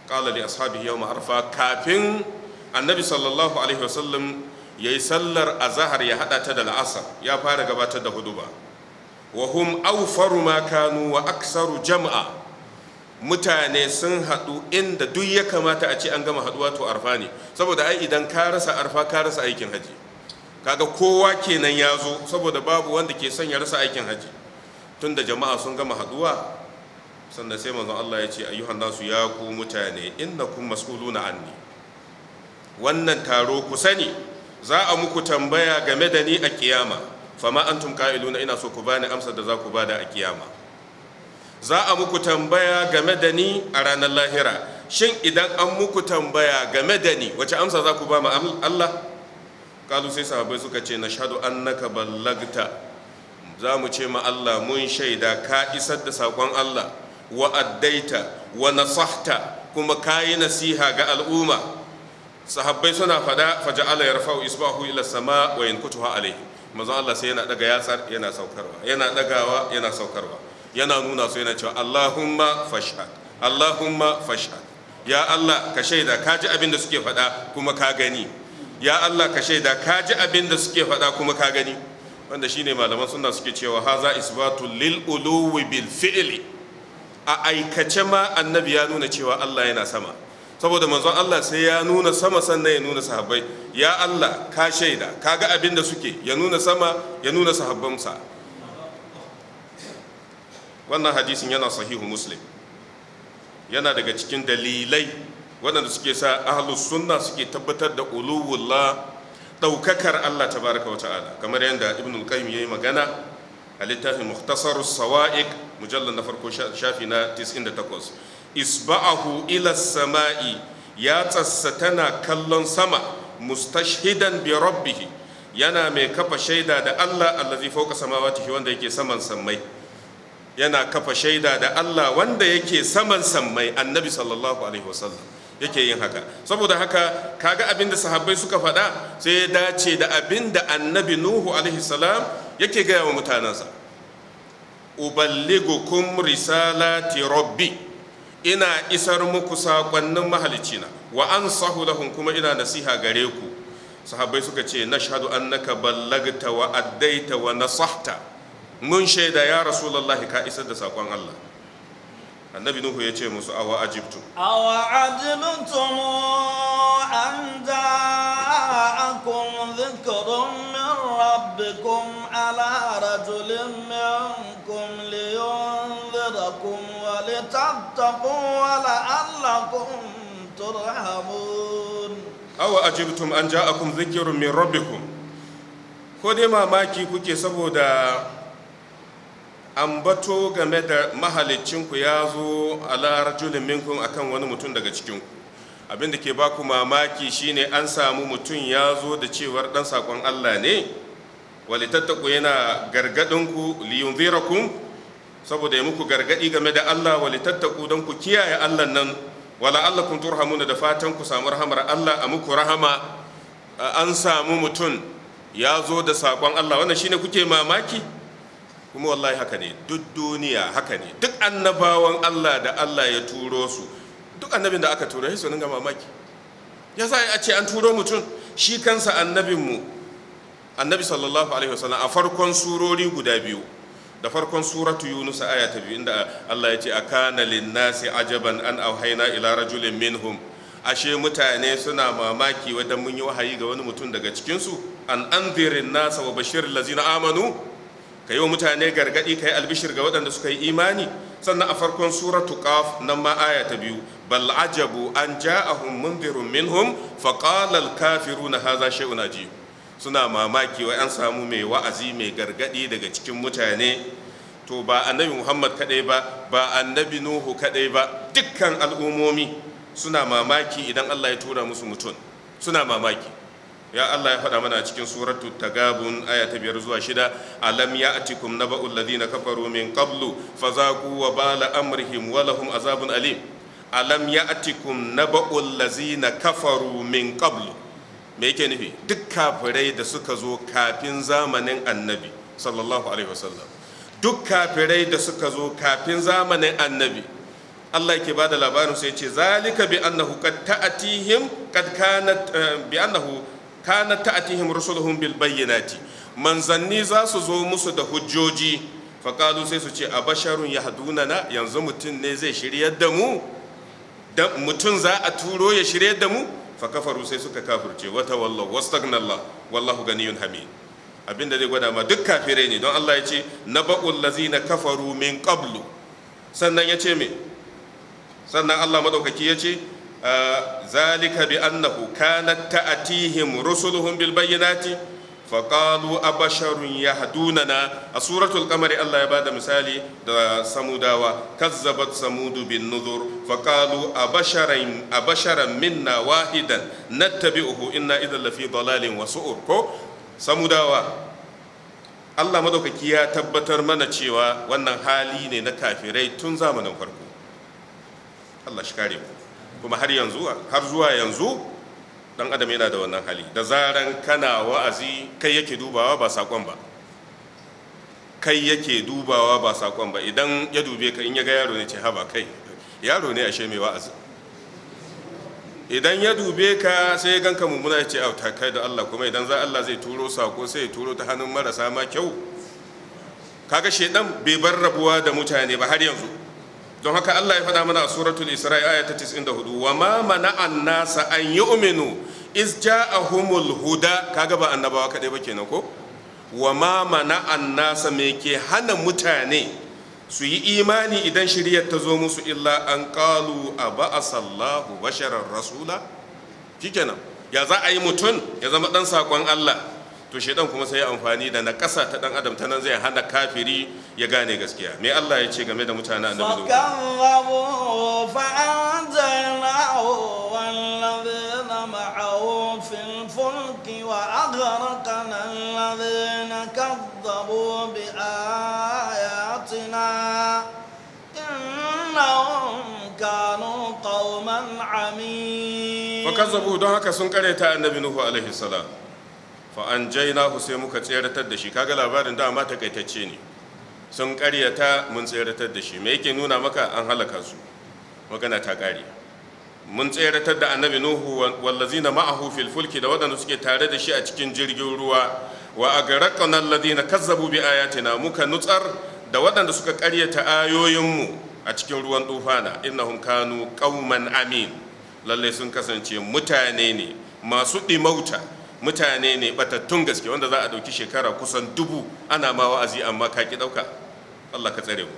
kalali ashabi yau arfa kafin annabi sallallahu alaihi wasallam ya yi sallar azahar ya haɗa ta da la'asar ya fara gabatar da hudu ba wa hum aufaru kanu wa aksaru jama'a mutane sun haɗu inda duk ya kamata a ce an gama haɗuwa to arfa ne saboda ai idan ka rasa arfa ka rasa aikin haji kaga kowa kenan ya zo saboda babu wanda ke son ya rasa aikin haji tun da jama'a sun gama haɗuwa sannan sai manzon Allah ya ce ayyuhan nasu ya ku mutane innakum mas'uluna anni wannan taro ku sani za a muku tambaya game da ni a kiyama fama antum qa'iluna ina so ku bani amsar da za ku bada a kiyama za a muku tambaya game da ni a ranar lahira shin idan an muku tambaya game da ni wace amsa za ku ba ma Allah kalu sai sahabai suka ce na shaɗu annaka ballagta za mu ce ma Allah mun shaida ka isar da saƙon Allah wa addaita wa nasahta kuma ka yi nasiha ga al'umma sahabbai suna fada faja'ala yarfa'u isbahu ila sama wa yankutuha alayhi manzon Allah sai yana daga yatsar yana saukarwa yana dagawa yana saukarwa yana nuna su yana cewa Allahumma fashhad Allahumma fashhad ya Allah ka shaida ka ji abin da suke faɗa kuma ka gani ya Allah ka shaida ka ji abin da suke faɗa kuma ka gani wanda shine malaman suna suke cewa haza isbatu lil uluwi bil fi'li a aikace ma annabi ya nuna cewa Allah yana sama saboda manzon Allah sai ya nuna sama sannan ya nuna sahabbai ya Allah ka shaida kaga abin da suke ya nuna sama ya nuna sahabbansa wannan hadisin yana sahihu muslim yana daga cikin dalilai waɗanda suke sa ahlus sunna suke tabbatar da uluwullah ɗaukakar Allah baraka wa ta'ala kamar yadda ibn al-qayyim yi magana a littafin muktasar sawa'iq mujallar na farko shafi na 98 isba'ahu ila samai ya tsassa tana kallon sama mustashhidan bi yana mai kafa shaida da Allah allazi fawqa samawati wanda yake saman sammai yana kafa shaida da Allah wanda yake saman sammai annabi sallallahu alaihi wasallam yake yin haka saboda haka kaga abin da sahabbai suka faɗa sai ya dace da abin da annabi nuhu alaihi salam yake gaya wa mutanensa uballigukum risalati rabbi ina isar muku saƙonnin mahalicina wa an lahum kuma ina nasiha gare ku sahabbai suka ce nashhadu annaka ballagta wa addaita wa nasahta mun shaida ya rasulullahi ka isar da sakon Allah annabi nuhu ya ce musu awa ajibtu awa ajibtum an ja'akum dhikrun min rabbikum ala rajulin minkum liyunzirakum wa wala wa la'allakum turhamun awa ajibtum an ja'akum dhikrun min rabbikum ko dai mamaki kuke saboda an bato game da mahalicinku ya zo a ala minkun a akan wani mutum daga cikinku abin da ke baku mamaki shine an samu mutum ya zo da cewar dan sakon Allah ne walitattaku yana gargadinku liyunzirakum saboda ya muku gargadi game da Allah walitattaku don ku kiyaye Allah nan wala Allah kun turhamuna da fatan ku samu rahamar Allah a muku rahama an samu mutum ya zo da sakon Allah wannan shine kuke mamaki kuma wallahi haka ne duk duniya haka ne duk annabawan Allah da Allah ya turo su duk annabin da aka turo su ga mamaki ya sa a ce an turo mutum shi kansa annabinmu annabi sallallahu alaihi wasallam a farkon surori guda biyu da farkon suratu yunus aya ta biyu inda Allah ya ce akana linnasi ajaban an auhayna ila rajulin minhum ashe mutane suna mamaki wadan mun yi wahayi ga wani mutum daga cikin su an anzirin nasa wa bashir lazina amanu ka yi wa mutane gargaɗi ka yi albishir ga waɗanda suka yi imani sannan a farkon suratu qaf nan ma aya ta biyu bal ajabu an ja'ahum mundirun minhum fa qala al kafiruna hadha shay'un ajib suna mamaki wa an samu mai wa'azi mai gargaɗi daga cikin mutane to ba annabi muhammad kadai ba ba annabi nuhu kadai ba dukkan al'umomi suna mamaki idan allah ya tura musu mutum suna mamaki ya Allah ya faɗa mana a cikin suratu tagabun aya ta biyar zuwa shida alam ya atikum naba'u alladhina kafaru min qablu fazaqu wa bala amrihim wa lahum azabun alim alam ya atikum kafaru min qablu me yake nufi duk kafirai da suka zo kafin zamanin annabi sallallahu alaihi wasallam duk kafirai da suka zo kafin zamanin annabi Allah ke bada labarin sai ce zalika bi annahu qad ta'atihim qad kanat eh, bi annahu kanat ta'tihim rusuluhum bil bayyinati manzanni za su zo musu da hujjoji faƙalu sai su ce a basharun ya na yanzu mutum ne zai shiryar da mu mutum za a turo ya shiryar da mu kafaru sai suka kafirce wata wallahu wastagnallah wallahu ganiyun hamid abinda zai gwada ma duk kafirai ne don Allah ya ce na ba'ul lazina kafaru min qablu sannan ya ce me sannan Allah madaukaki ya ce zalika bi annahu kanat ta'tihim rusuluhum bil bayyinati fa qalu abasharun yahdunana a suratul qamari Allah ya bada misali da samudawa kazzabat samudu bin nuzur fa qalu abasharan abasharan minna wahidan nattabi'uhu inna idhal lafi dalalin wa su'ur ko samudawa Allah madaukaki ya tabbatar mana cewa wannan hali ne na kafirai tun zamanin farko kuma har yanzu har zuwa yanzu dan adam yana da wannan hali da zaran kana wa'azi kai yake dubawa ba sakon ba kai yake dubawa ba sakon ba idan ya dube ka in ya ga yaro ne ce haba kai yaro ne ashe mai wa'azi idan ya dube ka sai ya ganka mummuna ya ce a ta kai da Allah kuma idan za Allah zai turo sako sai ya turo ta hannun marasa ma kyau kaga shedan bai bar rabuwa da mutane ba har yanzu don haka Allah ya faɗa mana a suratul Isra'i aya ta 94 wa ma mana'an nasa an yu'minu iz ja'ahumul huda kaga ba annabawa kadai ba kenan ko wa ma mana'an nasa me ke hana mutane su yi imani idan shiriyar ta zo musu illa an qalu aba'asallahu basharar rasula shikenan ya za a yi mutum ya zama dan sakon Allah to shedan kuma sai amfani da nakasa ta dan adam ta nan zai hana kafiri ya gane gaskiya me Allah ya ce game da mutanen annabi zo fa anzalnahu wallazina ma'ahu fil fulki wa aghraqna allazina kadzabu bi ayatina innahum kanu qauman amin fa don haka sun kareta annabi nuhu alaihi salam fa an sai muka tseratar da shi kaga labarin dama takaitacce ne sun karyata mun tseratar da shi me yake nuna maka an halaka su magana ta kare mun tseratar da annabi nuhu wallazina ma'ahu fil fulki da waɗanda suke tare da shi a cikin jirgin ruwa wa agraqna na kazzabu bi ayatina muka nutsar da waɗanda suka karyata ayoyinmu a cikin ruwan tufana innahum kanu qauman amin Lallai sun kasance mutane ne masu ɗimauta. mutane ne batattun gaske wanda za a ɗauki shekara kusan dubu ana ma wa'azi amma ka ki ɗauka Allah ka tsare mu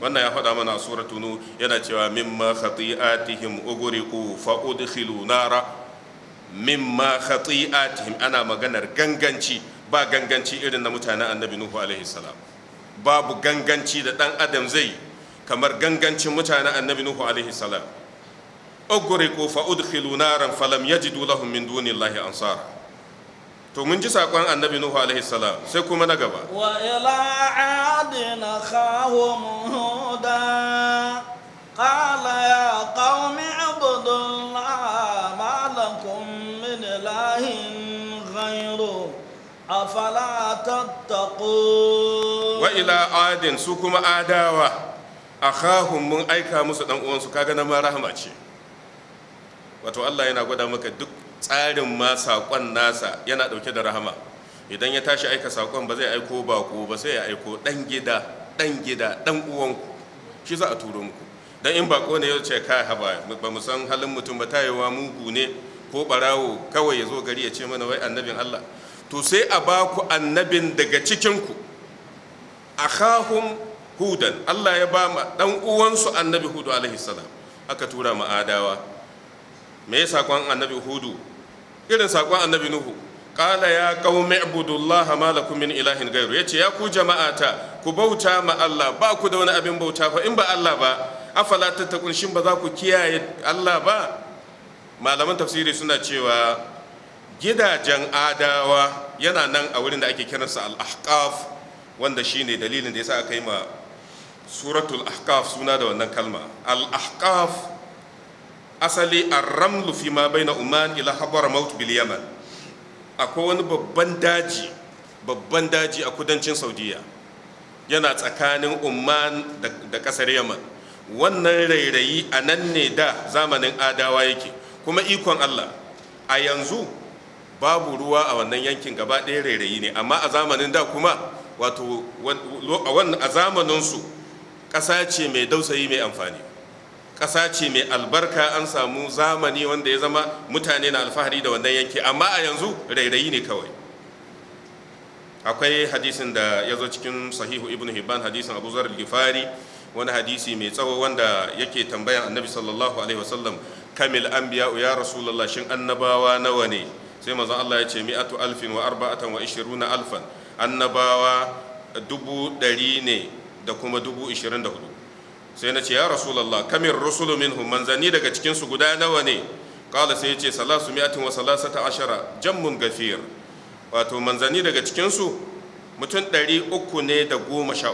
wannan ya faɗa mana a suratu nu yana cewa mimma khati'atihim ughriqu fa udkhilu nara mimma khati'atihim ana maganar ganganci ba ganganci irin na mutanen annabi nuhu alaihi salam babu ganganci da dan adam zai kamar gangancin mutanen annabi nuhu alaihi salam ughriqu fa udkhilu naran falam yajidu lahum min dunillahi ansara to mun ji sakon annabi nuhu alaihi salam sai kuma na gaba wa ila adina khahum huda qala ya qaumi ibudullah ma lakum min ilahin ghayru afala tattaqun wa ila adin su kuma adawa akhahum mun aika musu dan uwansu kaga na ma ce wato Allah yana gwada maka duk tsarin ma saƙon nasa yana ɗauke da rahama idan ya tashi aika saƙon ba zai aiko baƙo ba sai ya aiko ɗan gida ɗan gida ɗan uwanku shi za a turo muku dan in baƙo ne ya ce ka haba ba mu san halin mutum ba tayewa mugu ne ko ɓarawo kawai ya zo gari ya ce mana wai annabin Allah to sai a ba ku annabin daga cikinku akhahum hudan Allah ya ba ma ɗan uwansu annabi hudu alaihi salam aka tura ma adawa me ya saƙon annabi hudu irin saƙon annabi nuhu ƙala ya qaumi ibudullaha ma lakum min ilahin ghairu yace ya ku jama'ata ku bauta ma Allah ba ku da wani abin bauta fa in ba Allah ba afala tattaqun shin ba za ku kiyaye Allah ba malaman tafsiri suna cewa gidajen adawa yana nan a wurin da ake kiransa al-ahqaf wanda shine dalilin da yasa aka yi ma suratul ahqaf suna da wannan kalma al-ahqaf asali a ramlu fi ma baina Oman ila Hadramaut bil Yaman akwai wani babban daji babban daji a kudancin Saudiya yana tsakanin Oman da kasar Yaman wannan rairayi a nan ne da zamanin adawa yake kuma ikon Allah a yanzu babu ruwa a wannan yankin gaba ɗaya rairayi ne amma a zamanin da kuma wato a zamaninsu ƙasa ce mai dausayi mai amfani ƙasa ce mai albarka an samu zamani wanda ya zama mutane na alfahari da wannan yanki amma a yanzu rairayi ne kawai akwai hadisin da ya zo cikin sahihu ibn hibban hadisin abu zar gifari wani hadisi mai tsawo wanda yake tambayan annabi sallallahu alaihi wasallam kamil anbiya ya rasulullah shin annabawa nawa ne sai mazan Allah ya ce mi'atu alfin wa arba'atan wa ishiruna alfan annabawa dubu ɗari ne da kuma dubu ishirin da hudu sai na ce ya rasulullah kamir rusulu minhum manzanni daga cikin su guda nawa ne qala sai yace salasu mi'atin wa salasata ashara jammun gafir wato manzanni daga cikin su dari 300 ne da 13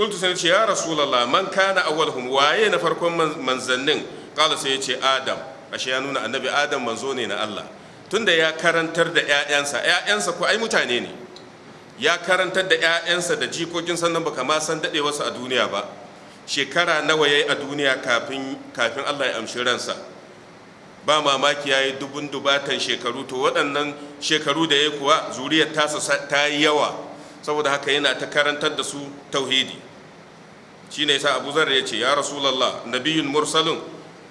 qultu sai ce ya rasulallah man kana awwalhum waye na farkon manzannin qala sai yace adam ashe ya nuna annabi adam manzo ne na Allah tunda ya karantar da ƴaƴansa ƴaƴansa ko ai mutane ne ya karantar da ƴaƴansa da jikokin sannan baka ma san dade wasu a duniya ba shekara nawa ya yi a duniya kafin allah ya amshi ransa ba mamaki ya yi dubun dubatan shekaru to waɗannan shekaru da ya kuwa zuriyar tasa ta yi yawa saboda haka yana ta karantar da su tauhidi shi ne sa abu zarra ya ce ya rasulallah nabiyun mursalin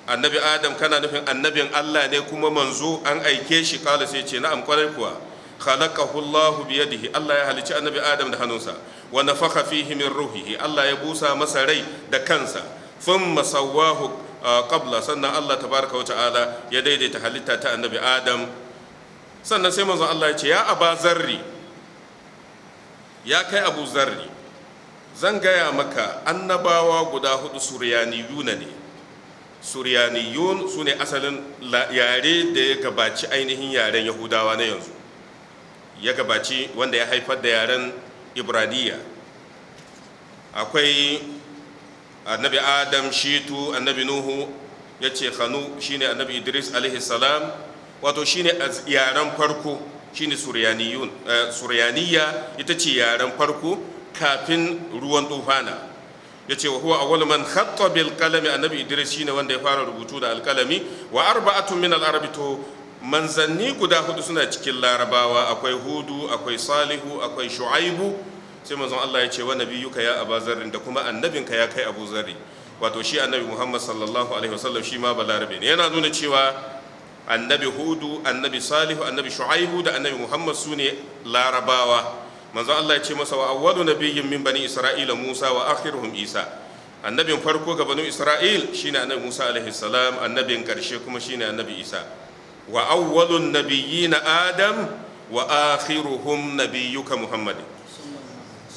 annabi adam kana nufin annabin allah ne kuma manzo an aike shi kala sai ce na'am kwarai kuwa khalaqahu Allahu bi yadihi Allah ya halicci annabi Adam da hannunsa wa nafakha fihi min ruhihi Allah ya busa masa rai da kansa thumma sawwahu qabla sannan Allah tabaraka wa ta'ala ya daidaita halitta ta annabi Adam sannan sai manzon Allah ya ce ya aba zarri ya kai abu zarri zan gaya maka annabawa guda hudu suryaniyuna ne suryaniyun su asalin yare da ya gabaci ainihin yaren yahudawa na yanzu ya gabaci wanda ya haifar da yaren ibraniya akwai annabi adam shitu annabi nuhu ya ce hannu shine annabi idris alaihi wato shine yaren farko shine suriyaniya eh, ita ce yaren farko kafin ruwan tufana ya ce wa huwa awwal man khatta bil qalami annabi idris shine wanda ya fara rubutu da alkalami wa arba'atun min al-arabi manzanni guda hudu suna cikin larabawa akwai hudu akwai salihu akwai shu'aibu sai manzon Allah ya ce wa nabiyuka ya abazarrin da kuma annabinka ya kai abu zarri wato shi annabi muhammad sallallahu alaihi wasallam shi ma balarabe ne yana nuna cewa annabi hudu annabi salihu annabi shu'aibu da annabi muhammad su ne larabawa manzon Allah ya ce masa wa awwalu nabiyyin min bani isra'ila musa wa akhiruhum isa annabin farko ga banu isra'il shine annabi musa alaihi salam annabin karshe kuma shine annabi isa wa awwalun nabiyina adam wa akhiruhum nabiyyuka muhammad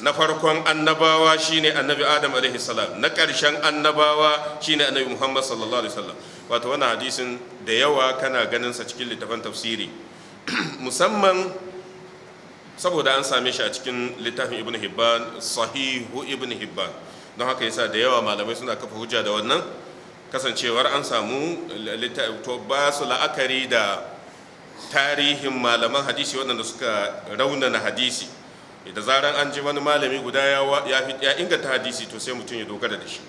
na farkon annabawa shine annabi adam alaihi salam na ƙarshen annabawa shine annabi muhammad sallallahu alaihi wasallam wato wannan hadisin da yawa kana ganin sa cikin littafan tafsiri musamman saboda an same shi a cikin littafin ibn hibban sahihu ibn hibban don haka yasa da yawa malamai suna kafa hujja da wannan kasancewar an samu to ba su la'akari da tarihin malaman hadisi waɗanda suka raunana hadisi da zaran an ji wani malami guda ya inganta hadisi to sai mutum ya dogara da shi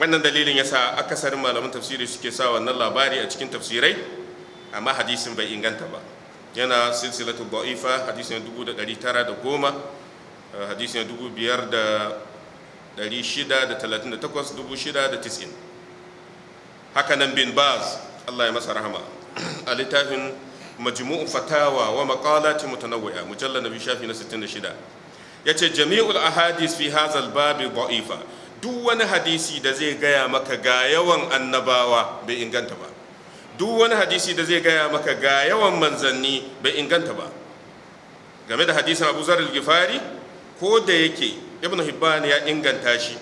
wannan dalilin ya yasa akasarin malaman tafsiri suke sa wannan labari a cikin tafsirai amma hadisin bai inganta ba yana silsilatu ba'ifa hadisi hadisi dubu dubu da da da da tara goma biyar shida talatin da takwas dubu shida da tisin. hakanan bin baz Allah ya masa rahama a littafin majmu'u fatawa wa maqalati mutanawwi'a mujallal nabi shafi na 66 yace jami'ul ahadis fi hazal al-bab da'ifa duk wani hadisi da zai gaya maka ga yawan annabawa bai inganta ba duk wani hadisi da zai gaya maka ga yawan manzanni bai inganta ba game da hadisin Abu Zar al-Ghifari ko da yake Ibn Hibban ya inganta shi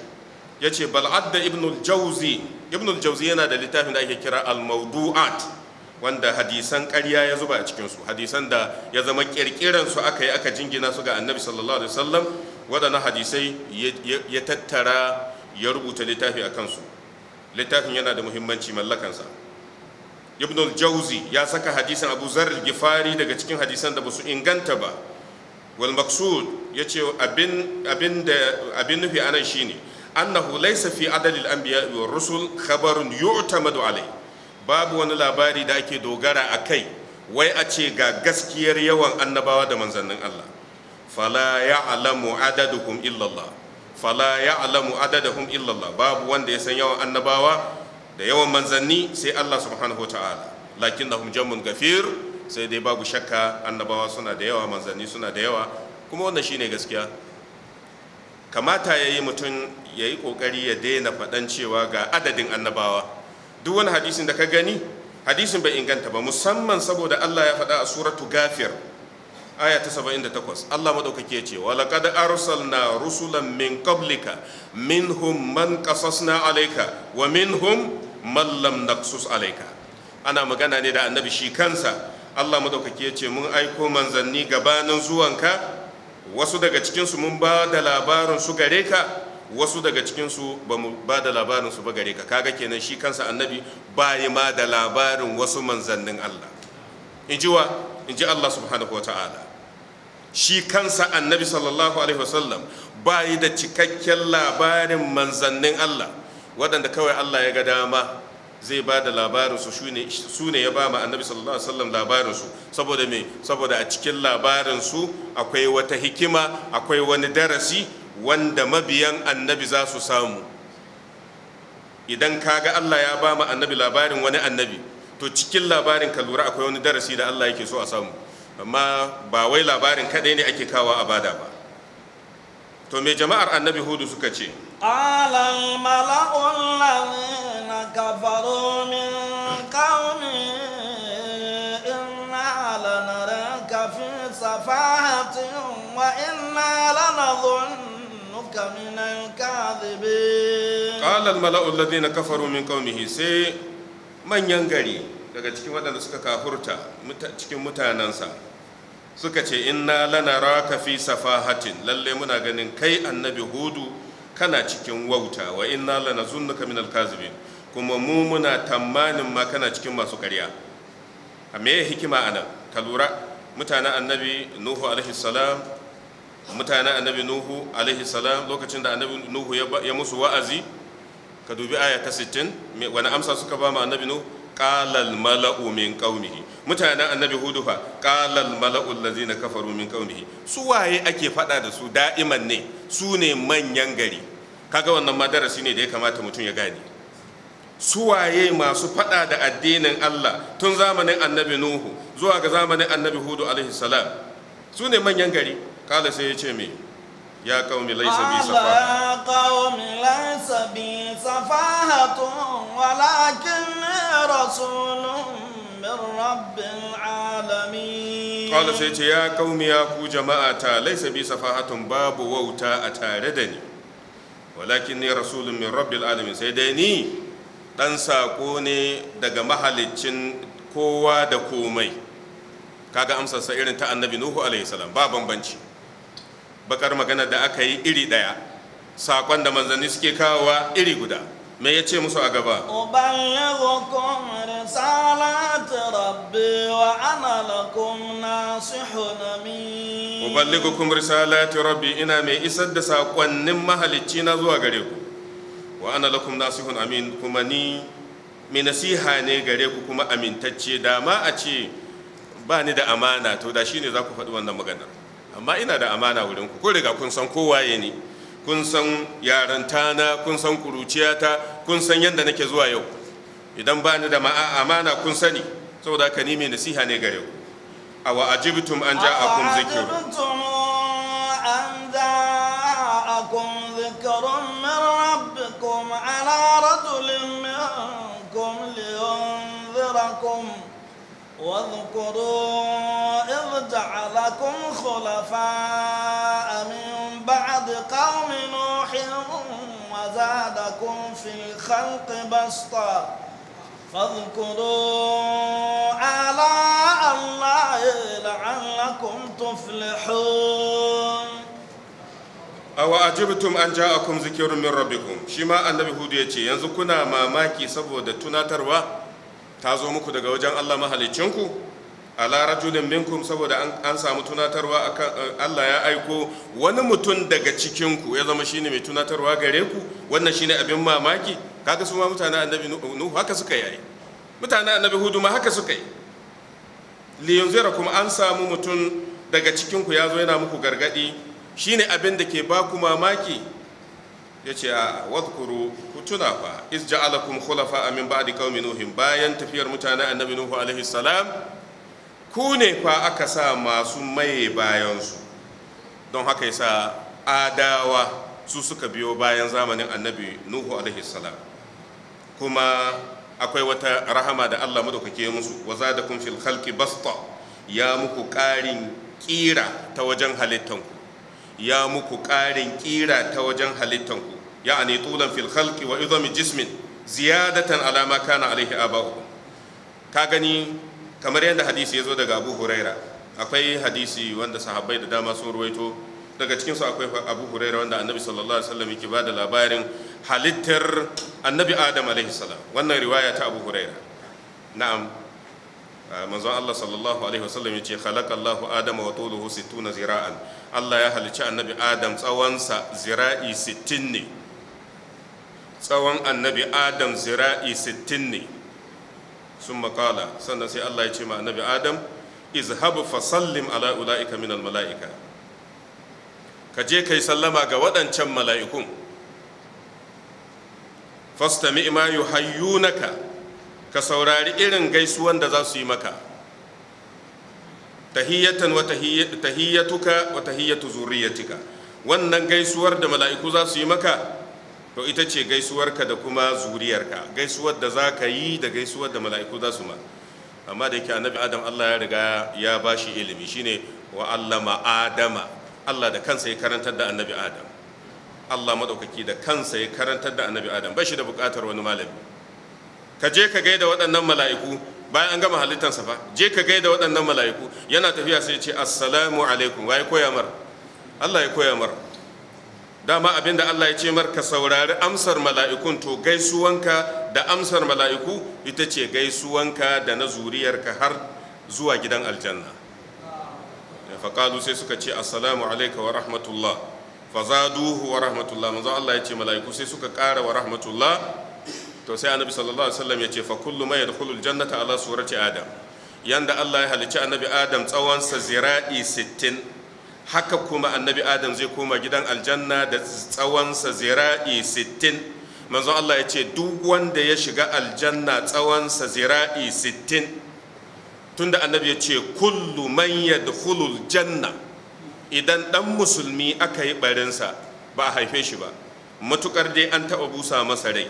yace bal adda Ibn al-Jawzi ibn al-jawzi yana da littafin da ake kira al-mawdu'at wanda hadisan ƙarya ya zuba a cikinsu hadisan da ya zama kirkiran su aka yi aka jingina su ga annabi sallallahu alaihi wasallam waɗannan hadisai ya tattara ya rubuta littafi a kansu littafin yana da muhimmanci mallakansa ibn al-jawzi ya saka hadisan abu zar gifari daga cikin hadisan da basu inganta ba wal maqsud yace abin abin da abin nufi anan shine annahu laysa fi adalil anbiya wa rusul khabarun yu'tamadu alai babu wani labari da ake dogara a kai wai a ce ga gaskiyar yawan annabawa da manzannin Allah fala ya'lamu adadukum illallah fala ya'lamu adadahum illallah babu wanda ya san yawan annabawa da yawan manzanni sai Allah subhanahu wa ta'ala lakinnahum jammun gafir sai dai babu shakka annabawa suna da yawa manzanni suna da yawa kuma wannan shine gaskiya kamata ya yi mutum ya yi ƙoƙari ya daina faɗan cewa ga adadin annabawa duk wani hadisin da ka gani hadisin bai inganta ba musamman saboda Allah ya faɗa a suratu gafir aya ta 78 Allah madaukake ce wa laqad arsalna rusulan min qablika minhum man qasasna alayka wa minhum man lam naqsus alayka ana magana ne da annabi shi kansa Allah madaukake ce mun aiko manzanni gabanin zuwanka wasu daga cikinsu mun ba da labarin su gare ka wasu daga cikinsu ba mu ba da labarinsu ba gare ka kaga kenan shi kansa annabi bayi ma da labarin wasu manzannin Allah in ji wa in ji Allah subhanahu wata'ala shi kansa annabi sallallahu alaihi wasallam bayi da cikakken labarin manzannin Allah waɗanda kawai Allah ya ga dama zai ba da labarinsu su ne ya ba ma annabi sallallahu alaihi wasallam labarinsu saboda me saboda a cikin labarinsu akwai wata hikima akwai wani darasi wanda mabiyan annabi za su samu idan ga Allah ya ba ma annabi labarin wani annabi to cikin labarin ka lura akwai wani darasi da Allah yake so a samu amma ba wai labarin kaɗai ne ake kawa a bada ba to me jama'ar annabi hudu suka ce قال الملأ الذين كفروا من قومه إنا لنراك في سفاهة وإنا لنظنك من الكاذبين قال الذين كفروا من قومه سي من ينقري daga cikin waɗanda suka kafurta cikin mutanensa suka ce inna lana raka fi safahatin lalle muna ganin kai annabi hudu kana cikin wauta wa inna lanazunnuka minal kazibin kuma mu muna tamanin ma kana cikin masu ƙarya a me hikima anan ka lura mutanen annabi nuhu alaihi salam mutanen annabi nuhu alaihi salam lokacin da annabi nuhu ya musu wa'azi ka dubi aya ta 60 wani amsa suka ba ma annabi nuhu qalal mala'u min qaumihi mutanen annabi hudu fa qalal mala'u allazina kafaru min qaumihi su waye ake fada da su da'iman ne su ne manyan gari kaga wannan madarasi ne da ya kamata mutum ya gane su waye masu fada da addinin Allah tun zamanin annabi nuhu zuwa ga zamanin annabi hudu alaihi salam su ne manyan gari kala sai ya ce me يا قوم ليس بي سفاهة يا قوم ليس بي سفاهة ولكني رسول من رب العالمين قال سيتي يا قوم يا كو جماعة ليس بي سفاهة باب ووتا أتاردني ولكني رسول من رب العالمين سيدني ɗan saƙo ne daga mahalicin kowa da komai kaga amsarsa irin ta annabi nuhu alaihi salam ba bambanci bakar magana da aka yi iri ɗaya sakon da manzanni suke kawowa iri guda me ya ce musu a gaba uballighukum gukun risalati rabbi ina mai isar da sakonnin mahalicci na zuwa gare ku wa ana lakum nasihun amin kuma ni mai nasiha ne gare ku kuma amintacce dama a ce ba ni da amana to da shine za ku faɗi wannan maganar amma ina da amana wurin ku ko riga kun san kowaye ne kun san na kun san kuruciyata kun san yadda nake zuwa yau idan ba ni da amana kun sani saboda ka ni mai nasiha ne ga yau a ajibtum an ja'akum an ja a واذكروا إذ جعلكم خلفاء من بعد قوم نوح وزادكم في الخلق بسطا فاذكروا آلاء الله لعلكم تفلحون أو أجبتم أن جاءكم ذكر من ربكم شما النبي هود يتي ينزكنا ما ماكي سبو تناتروا ta zo muku daga wajen Allah mahalicinku ala rajulin minkum saboda an samu tunatarwa akan Allah ya aiko wani mutum daga cikinku ya zama shine mai tunatarwa gare ku wannan shine abin mamaki kaga su ma mutanen annabi nuhu haka suka yi mutanen annabi hudu ma haka suka yi li yunzira kuma an samu mutum daga cikinku ya zo yana muku gargadi shine abin da ke ba ku mamaki yace a wadhkuru tuna fa iz ja'alakum khulafa min ba'di qaumi nuhin bayan tafiyar mutanen annabi nuhu alaihi salam ku ne fa aka sa masu maye bayan su don haka yasa adawa su suka biyo bayan zamanin annabi nuhu alaihi salam kuma akwai wata rahama da Allah madaukake musu wa zadakum fil khalqi basta ya muku ƙarin ƙira ta wajen halittanku ya muku ƙarin ƙira ta wajen halittanku يعني طولا في الخلق وعظم جسم زيادة على ما كان عليه آباؤه كاغني كما يند حديث يزو دغ أبو هريرة akwai hadisi wanda sahabbai da dama sun ruwaito daga cikin su akwai Abu Hurairah wanda Annabi sallallahu alaihi wasallam yake bada labarin halittar Annabi Adam alaihi salam wannan riwaya ta Abu Hurairah na'am manzon Allah sallallahu alaihi wasallam yace khalaqallahu Adama wa tuluhu 60 zira'an Allah ya halicci Annabi Adam tsawonsa zira'i 60 ne tsawon annabi adam zira'i sittin ne sun makala sannan sai allah ya ce ma annabi adam izhabu fasallim ala ula'ika minal mala'ika ka je kai sallama ga waɗancan mala'ikun fastami ma yuhayyunaka ka saurari irin gaisuwan da za su yi maka tahiyatan wa tahiyyatuka wa tahiyyatu zurriyatika wannan gaisuwar da mala'iku za su yi maka to ita ce gaisuwarka da kuma zuriyarka gaisuwar da za ka yi da gaisuwar da mala'iku za su ma amma da yake annabi adam allah ya riga ya ba shi ilimi shine wa allama adama allah da kansa ya karantar da annabi adam allah maɗaukaki da kansa ya karantar da annabi adam ba shi da buƙatar wani malami ka je ka gaida waɗannan mala'iku bayan an gama halittansa fa je ka gaida waɗannan mala'iku yana tafiya sai ce assalamu alaikum waye koya mar allah ya koya mar dama abinda Allah ya ce marka saurari amsar mala'ikun to gaisuwanka da amsar mala'iku ita ce gaisuwanka da na zuriyarka har zuwa gidan aljanna eh, faƙalu sai suka ce assalamu alaika wa rahmatullah fazaduhu wa rahmatullah manzo Allah ya ce mala'iku sai suka ƙara wa rahmatullah to sai annabi sallallahu alaihi wasallam ya ce fa kullu man yadkhulul jannata ala surati adam yanda Allah ya halicci annabi adam tsawon sa zira'i sittin. haka kuma annabi adam zai koma gidan aljanna da tsawonsa zira'i 60 manzon Allah ya ce duk wanda ya shiga aljanna tsawonsa zira'i 60 tunda annabi ya ce kullu man yadkhulul janna idan dan musulmi aka yi barinsa ba a haife shi ba matukar dai an taba busa masa rai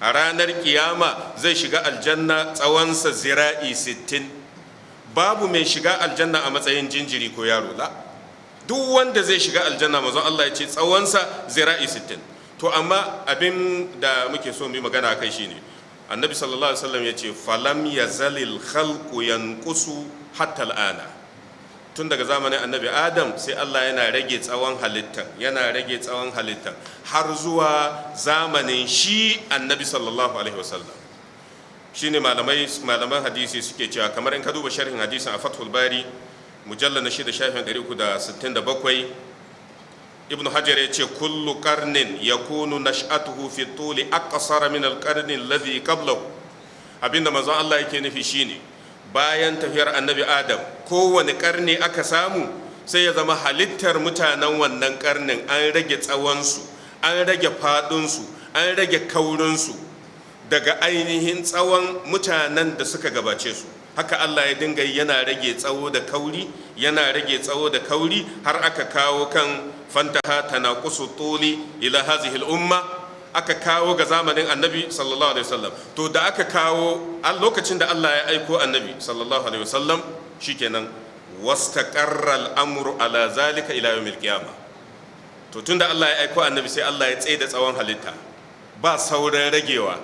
a ranar kiyama zai shiga aljanna tsawonsa zira'i 60 babu mai shiga aljanna a matsayin jinjiri ko yaro la duk wanda zai shiga aljanna manzon Allah ya ce tsawonsa zira'i sittin to amma abin da muke so mu magana kai shine annabi sallallahu alaihi wasallam ya ce falam yazalil khalqu yanqusu hatta al'ana tun daga zamanin annabi adam sai Allah yana rage tsawon halittan yana rage tsawon halittan har zuwa zamanin shi annabi sallallahu alaihi wasallam shine malamai malaman hadisi suke cewa kamar in ka duba sharhin hadisin a fathul bari mujalla na shida shafin bakwai ibn hajar ya ce kullu karnin ya kunu na nash'atuhu fitoli tuli aqsara min alƙarnin lafi kablau abinda manzon Allah yake nufi shine bayan tafiyar annabi adam kowane karni aka samu sai ya zama halittar mutanen wannan karnin an rage tsawonsu an rage faɗinsu an rage kaurinsu daga ainihin tsawon mutanen da suka gabace su haka Allah ya dinga yana rage tsawo da kauri yana rage tsawo da kauri har aka kawo kan fantaha tana tanaqusu tuli ila hazihi al aka kawo ga zamanin annabi sallallahu alaihi wasallam to da aka kawo a lokacin da Allah ya aiko annabi sallallahu alaihi wasallam shikenan wastaqarra al-amru ala zalika ila yawmil qiyamah to tunda Allah ya aiko annabi sai Allah ya tsaye da tsawon halitta ba sauran ragewa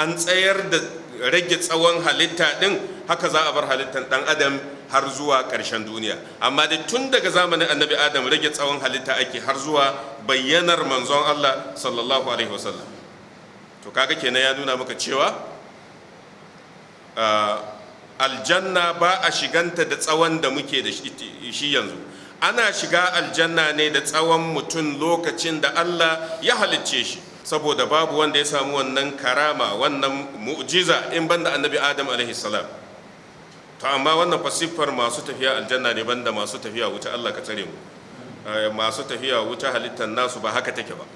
an tsayar da rage tsawon halitta din haka za a bar halittar dan adam har zuwa ƙarshen duniya amma da tun daga zamanin annabi adam rage tsawon halitta ake har zuwa bayyanar manzon Allah sallallahu alaihi wasallam to kaga kenan ya nuna maka cewa aljanna ba a shiganta da tsawon da muke da shi yanzu ana shiga aljanna ne da tsawon mutum lokacin da Allah ya halicce shi saboda babu wanda ya samu wannan karama wannan mu'jiza in banda annabi adam alaihi salam to amma wannan fasifar masu tafiya aljanna ne banda masu tafiya wuta Allah ka tsare mu eh, masu tafiya wuta halittar nasu ba haka take ba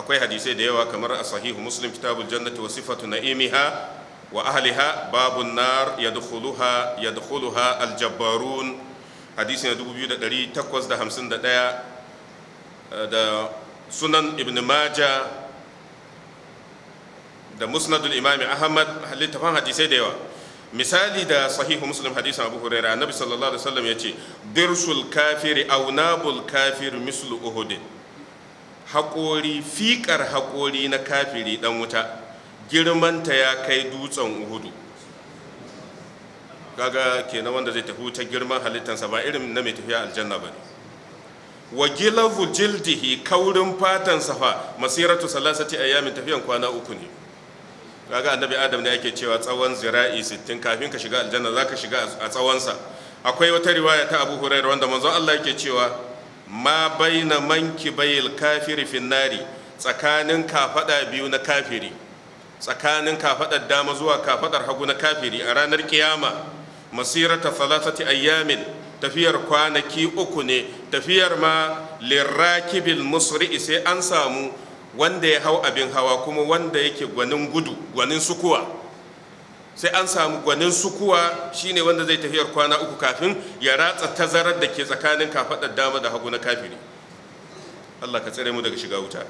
akwai hadisai da yawa kamar a sahihu muslim kitabul jannati wa sifatu na'imiha wa ahliha babun nar yadkhuluha yadkhuluha aljabbarun hadisi na 2851 eh, da sunan ibn majah da musnadul imami ahmad littafan hadisai da yawa misali da sahihu muslim hadisin abu huraira nabi sallallahu alaihi wasallam yace dirsul kafiri aw nabul kafir mislu uhud haƙori fiƙar haƙori na kafiri dan wuta girmanta ya kai dutsen uhudu kaga kenan wanda zai tafi ta girman halittansa ba irin na mai tafiya aljanna ba wa gilavu jildihi kaurin fatan safa masiratu salasati ayyamin tafiyan kwana uku ne kaga annabi adam ne yake cewa tsawon zira'i sittin kafin ka shiga aljanna za ka shiga a tsawonsa akwai wata riwaya ta abu hurairu wanda manzon Allah yake cewa ma manki bayil kafiri finnari tsakanin kafada biyu na kafiri tsakanin kafadar dama zuwa kafadar hagu na kafiri a ranar kiyama masirata thalathati ayyamin tafiyar kwanaki uku ne tafiyar ma lirakibil musri sai an samu wanda ya hau abin hawa kuma wanda yake gwanin gudu gwanin sukuwa sai an samu gwanin sukuwa shine wanda zai tafiyar kwana uku kafin ya ratsa tazarar da ke tsakanin kafaɗar dama da hagu na kafiri Allah ka tsere mu daga shiga wuta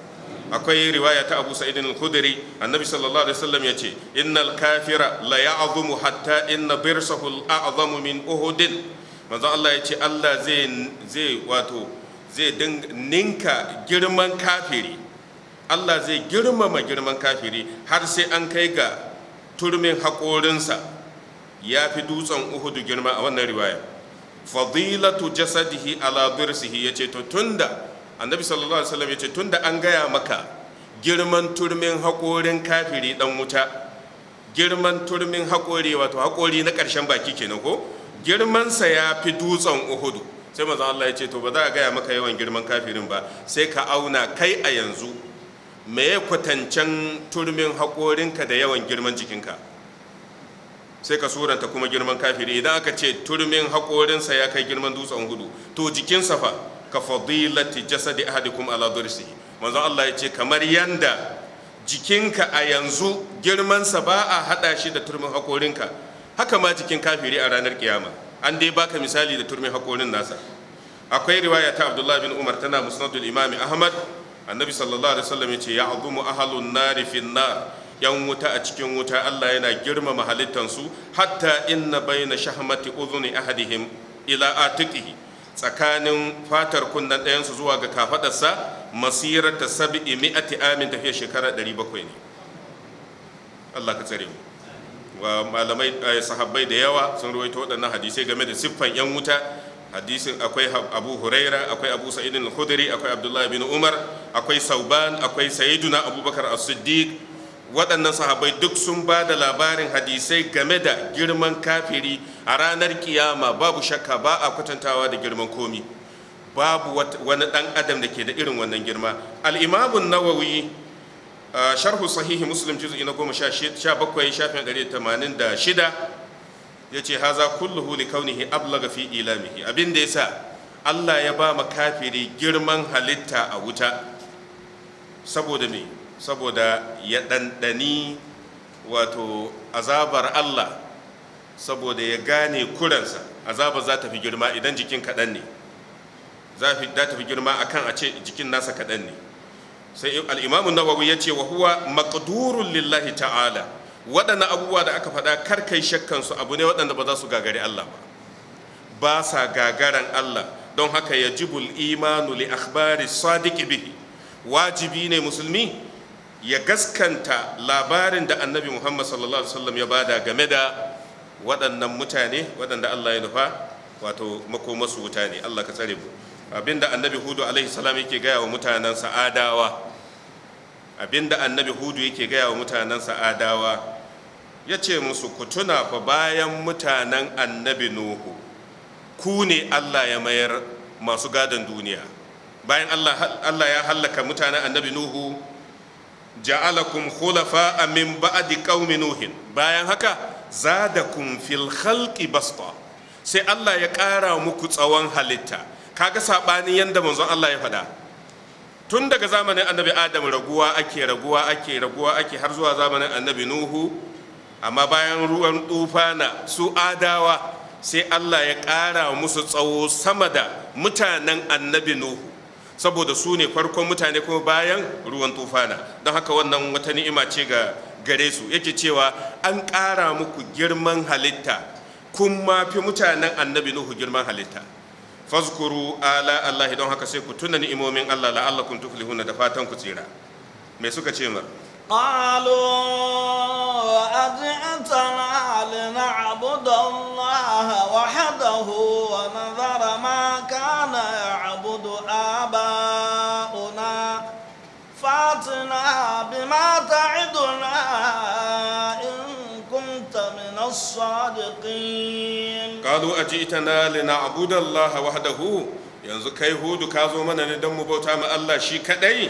akwai riwaya ta Abu Sa'id al-Khudri annabi sallallahu alaihi wasallam yace innal kafira la ya'zumu hatta inna birsahu al-a'zamu min uhudin manzo Allah yace Allah zai zai wato zai ninka girman kafiri Allah zai girmama girman kafiri har sai an kai ga turmin haƙorinsa ya fi dutsen uhudu girma a wannan riwaya fadilatu jasadihi ala birsihi ya ce to tunda annabi sallallahu alaihi wasallam ya ce tunda an gaya maka girman turmin haƙorin kafiri dan wuta girman turmin haƙori wato haƙori na ƙarshen baki kenan ko girmansa ya fi dutsen uhudu sai manzon Allah ya ce to ba za a gaya maka yawan girman kafirin ba sai ka auna kai a yanzu me ya kwatancen turmin haƙorinka da yawan girman jikinka sai ka suranta kuma girman kafiri idan aka ce turmin haƙorinsa ya kai girman dutsen hudu to jikinsa fa ka fadilati jasadi ahadikum ala dursihi manzon Allah ya ce kamar yanda jikinka a yanzu girmansa ba a hada shi da turmin haƙorinka haka ma jikin kafiri a ranar kiyama an dai baka misali da turmin haƙorin nasa akwai riwaya ta Abdullah bin Umar tana musnadul Imami Ahmad annabi sallallahu alaihi wasallam yace ya azumu ahlun nar fi nar yan wuta a cikin wuta Allah yana girmama su hatta inna bayna shahmati udhuni ahadihim ila atiqihi tsakanin fatar kunnan ɗayan su zuwa ga kafadarsa masirata sab'i mi'ati amin ta fiye shekara 700 ne Allah ka tsare mu Wa malamai eh, sahabbai da yawa sun ruwaito waɗannan hadisai game da siffan 'yan wuta hadisin akwai abu huraira akwai abu sa'id al-khudri akwai abdullahi bin umar akwai sauban akwai sayyiduna abubakar as-siddiq waɗannan sahabbai duk sun ba da labarin hadisai game da girman kafiri a ranar kiyama babu shakka ba a kwatantawa da girman komi babu wani ɗan adam da ke da irin wannan girma al-imamun nawawi uh, sharhu sahihi muslim juz'i na goma sha bakwai shafin ɗari tamanin da shida yace haza kulluhu li kaunihi ablaga fi ilamihi abin da yasa Allah ya ba ma kafiri girman halitta a wuta saboda me saboda ya dandani wato azabar Allah saboda ya gane kuransa azabar za ta fi girma idan jikin kaɗan ne za ta fi girma akan a ce jikin nasa kaɗan ne sai al'imamun nawawi ya ce wa huwa lillahi ta'ala waɗannan abubuwa da aka faɗa kar kai shakkan su abu ne waɗanda ba za su gagari Allah ba ba sa gagaran Allah don haka yajibul imanu li akhbari sadiq bihi wajibi ne musulmi ya gaskanta labarin da annabi Muhammad sallallahu alaihi wasallam ya bada game da waɗannan mutane waɗanda Allah ya nufa wato makomasu wuta ne Allah ka tsare mu abinda annabi Hudu alaihi salam yake gaya wa mutanen sa'adawa abinda annabi hudu yake gaya wa mutanen sa'adawa ya ce musu ku tuna fa bayan mutanen annabi nuhu ku ne allah ya mayar masu gadon duniya bayan allah ya hallaka mutanen annabi nuhu ja'alakum khulafa min ba'di qaumi nuhin bayan haka zadakum fil khalqi basta sai allah ya ƙara muku tsawon halitta kaga saɓanin yadda manzon allah ya faɗa tun daga zamanin annabi adam raguwa ake raguwa ake raguwa ake har zuwa zamanin annabi nuhu amma bayan ruwan tufana su adawa sai allah ya ƙara musu tsawo sama da mutanen annabi nuhu saboda su ne farkon mutane kuma bayan ruwan tufana don haka wannan wata ni'ima ce ga gare su yake cewa an ƙara muku girman halitta kuma fi mutanen annabi nuhu girman halitta fazkuru ala Allah don haka sai ku tuna ni'imomin Allah la'alla kun da fatan ku tsira me suka ce ma qalu ad'atana lin'abuda Allah wahdahu wa nadhara ma kana ya'budu aba فاتنا بما تعدنا الصادقين قالوا أجئتنا لنعبد الله وحده yanzu kai hudu ka zo mana ne don mu bauta ma Allah shi kadai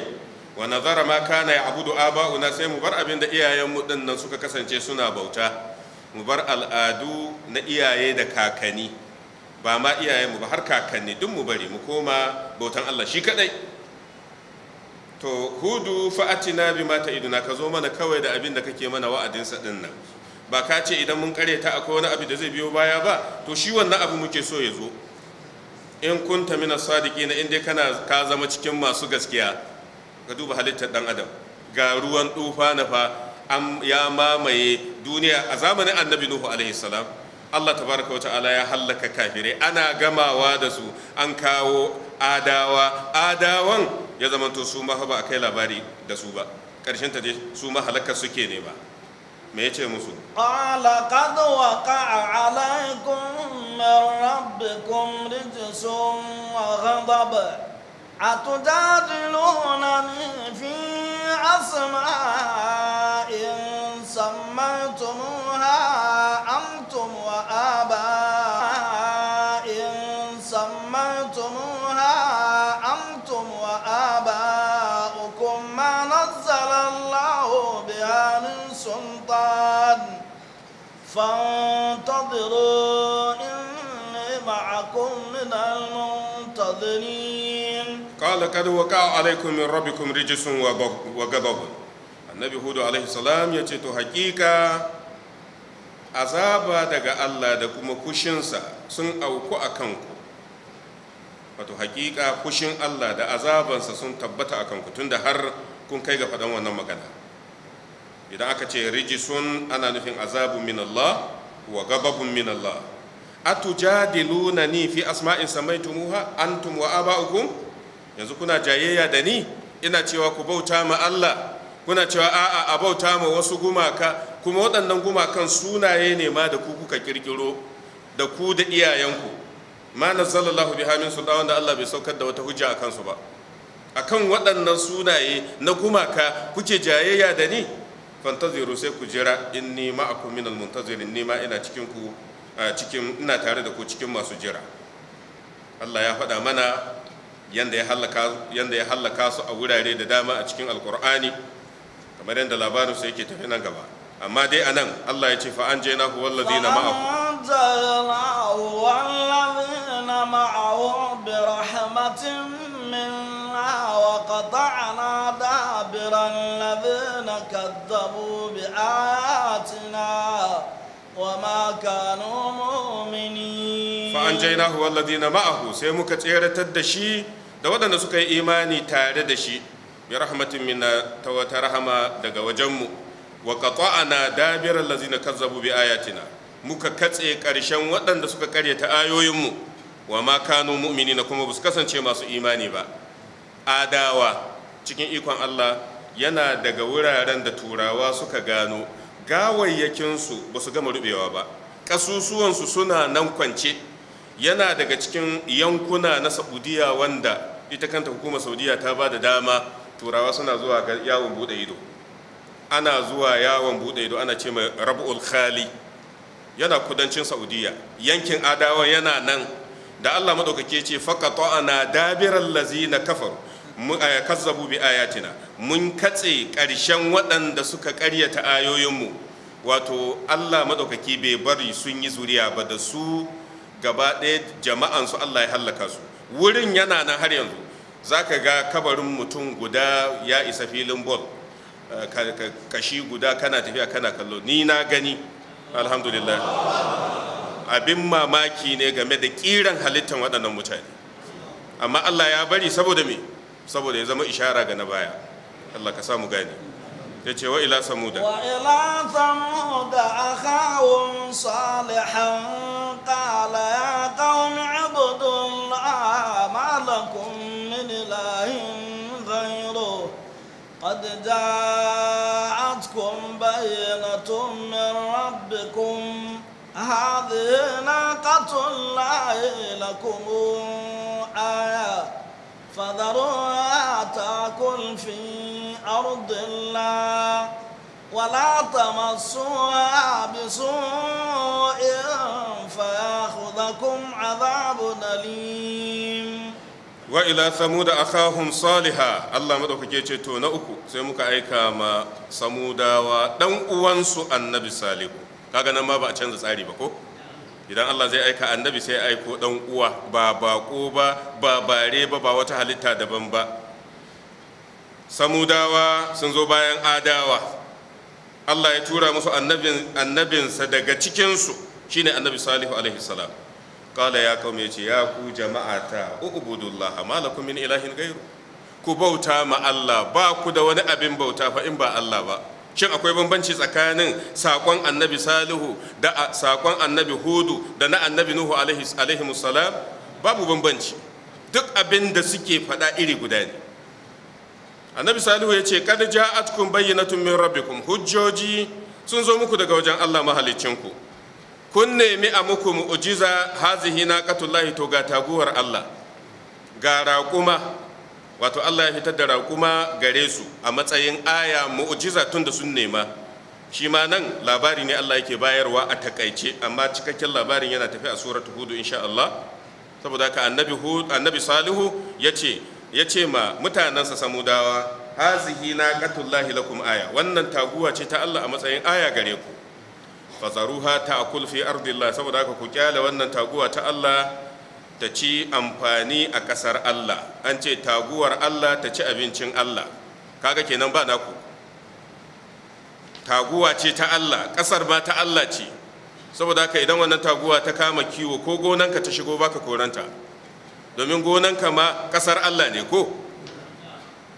wa nazara ma kana ya a bauna sai mu bar abin da iyayenmu din suka kasance suna bauta mu bar al'adu na iyaye da kakanni ba ma iyayenmu ba har kakanni duk mu bari mu koma bautan Allah shi kadai to hudu fa'atina bima ta'iduna ka zo mana kawai da abin da kake mana wa'adinsa din ba ka ce idan mun karyata akwai wani abu da zai biyo baya ba to shi wannan abu muke so ya zo in kunta mina sadiki na inda kana ka zama cikin masu gaskiya ka duba halittar dan adam ga ruwan tufa na fa ya mamaye duniya a zamanin annabi nuhu alaihi salam Allah tabaraka wa ta'ala ya hallaka kafirai ana gamawa da su an kawo adawa adawan ya zamanto su ma ba a kai labari da su ba ƙarshen ta dai su ma halakar suke ne ba ميتشي موسو قال قد وقع عليكم من ربكم رجس وغضب أتجادلونني في أسماء سميتموها أنتم وآباؤكم فانتظروا إني معكم من المنتظرين قال قد وقع عليكم من ربكم رجس وغضب annabi hudu alaihi salam ya ce to hakika azaba daga allah da kuma kushinsa sun auku a kanku wato hakika kushin allah da azabansa sun tabbata a kanku tunda har kun kai ga faɗan wannan magana idan aka ce rijisun ana nufin azabun min Allah wa gababun min Allah A atujadiluna ni fi asma'in samaitumuha antum wa aba'ukum yanzu kuna jayayya da ni ina cewa ku bauta ma Allah kuna cewa a'a a bauta ma wasu gumaka kuma waɗannan gumakan sunaye ne ma da ku kuka kirkiro da ku da iyayenku ma nazzalallahu hamin min sultan da Allah bai saukar da wata hujja a kansu ba akan waɗannan sunaye na gumaka kuke jayayya da ni fantaziru sai ku jira inni ma'akum minal muntazirin ni ma ina cikin ku cikin ina tare da ku cikin masu jira Allah ya faɗa mana yanda ya halaka yanda ya su a wurare da dama a cikin alqur'ani kamar yanda labarin su yake tafi nan gaba amma dai anan Allah ya ce fa anjaynahu walladina ma'ahu walladina ma'ahu bi rahmatin قطعنا دابر الذين كذبوا بآياتنا وما كانوا مؤمنين فأنجيناه والذين معه سيمك تيرة الدشي دوادنا نسوك إيماني تارة دشي برحمة من توات رحمة دقا وجمو وقطعنا دابر الذين كذبوا بآياتنا muka katse ƙarshen waɗanda suka ƙaryata ayoyinmu wa ma kanu mu'mini na kuma ba su kasance masu imani ba adawa cikin ikon Allah yana daga wuraren da turawa suka gano gawayyakinsu ba su gama rubewa ba ƙasusuwansu suna nan kwance yana daga cikin yankuna na saudiya wanda ita kanta hukumar saudiya ta ba da dama turawa suna zuwa ga yawon bude ido ana zuwa yawon bude ido ana ce mai rabu'ul khali yana kudancin saudiya yankin adawa yana nan da allah maɗaukaki ce faƙato ana dabirar lazi na kafaru Eh, kazzabu bi ayatina mun katse ƙarshen waɗanda suka ƙaryata ayoyinmu wato Allah maɗaukaki bai bari sun yi zuriya ba da su gaba ɗaya jama'ansu Allah ya hallaka su wurin yana nan har yanzu za ka ga kabarin mutum guda ya isa filin bol eh, kashi guda kana tafiya kana kallo ni na gani alhamdulillah abin mamaki ne game da ƙiran halittar waɗannan mutane amma Allah ya bari saboda me saboda ya zama ishara ga na baya Allah ka samu gani ya ce wa ila samuda wa ila samuda akhawun salihan qala ya qaum ibudullah ma lakum min ilahin ghayru qad ja'atkum bayinatun min rabbikum هذه ناقة الله لكم آية فذروها تاكل في ارض الله ولا تمسوها بسوء فياخذكم عذاب اليم وإلى ثمود أخاهم صالحا الله مدوكي تو نأكو سيموكا أيكا ما ثمودا ودن أوانسو النبي صالح kaga nan ma ba a canza tsari idan Allah zai aika annabi sai aiko dan uwa ba bako ba ba bare ba ba wata halitta daban ba samudawa sun zo bayan adawa Allah ya tura musu annabinsa daga cikinsu shine annabi salihu alaihi salam kala ya kaume ce ya ku jama'ata ubudullah ma lakum min ilahin gairu ku bauta ma Allah ba ku da wani abin bauta fa in ba Allah ba shin akwai bambanci tsakanin sakon annabi salihu da sakon annabi hudu da na annabi nuhu alaihi musallam babu bambanci duk abin da suke faɗa iri guda ne annabi salihu ya ce kada bayyana bayyinatun min rabbikum hujjoji sun zo muku daga wajen Allah mahalicinku kun nemi a muku mu'ujiza hazihi katullahi to ga taguwar Allah ga raƙuma wato Allah ya fitar da raƙuma gare su a matsayin aya mu'jiza tun da sun nema shi ma nan labari ne Allah yake bayarwa a takaice amma cikakken labarin yana tafi a suratu hudu insha Allah saboda ka annabi hud annabi salihu yace yace ma mutanansa samudawa hazihi na qatullahi lakum aya wannan taguwa ce ta Allah a matsayin aya gare ku fazaruha ta'kul fi ardillah saboda ka ku kyale wannan taguwa ta Allah ta ci amfani a ƙasar Allah an ce taguwar Allah ta ci abincin Allah kaga kenan ba naku taguwa ce ta Allah ƙasar ma ta Allah ce saboda haka idan wannan taguwa ta kama kiwo ko gonanka ta shigo baka koranta domin gonanka ma ƙasar Allah ne ko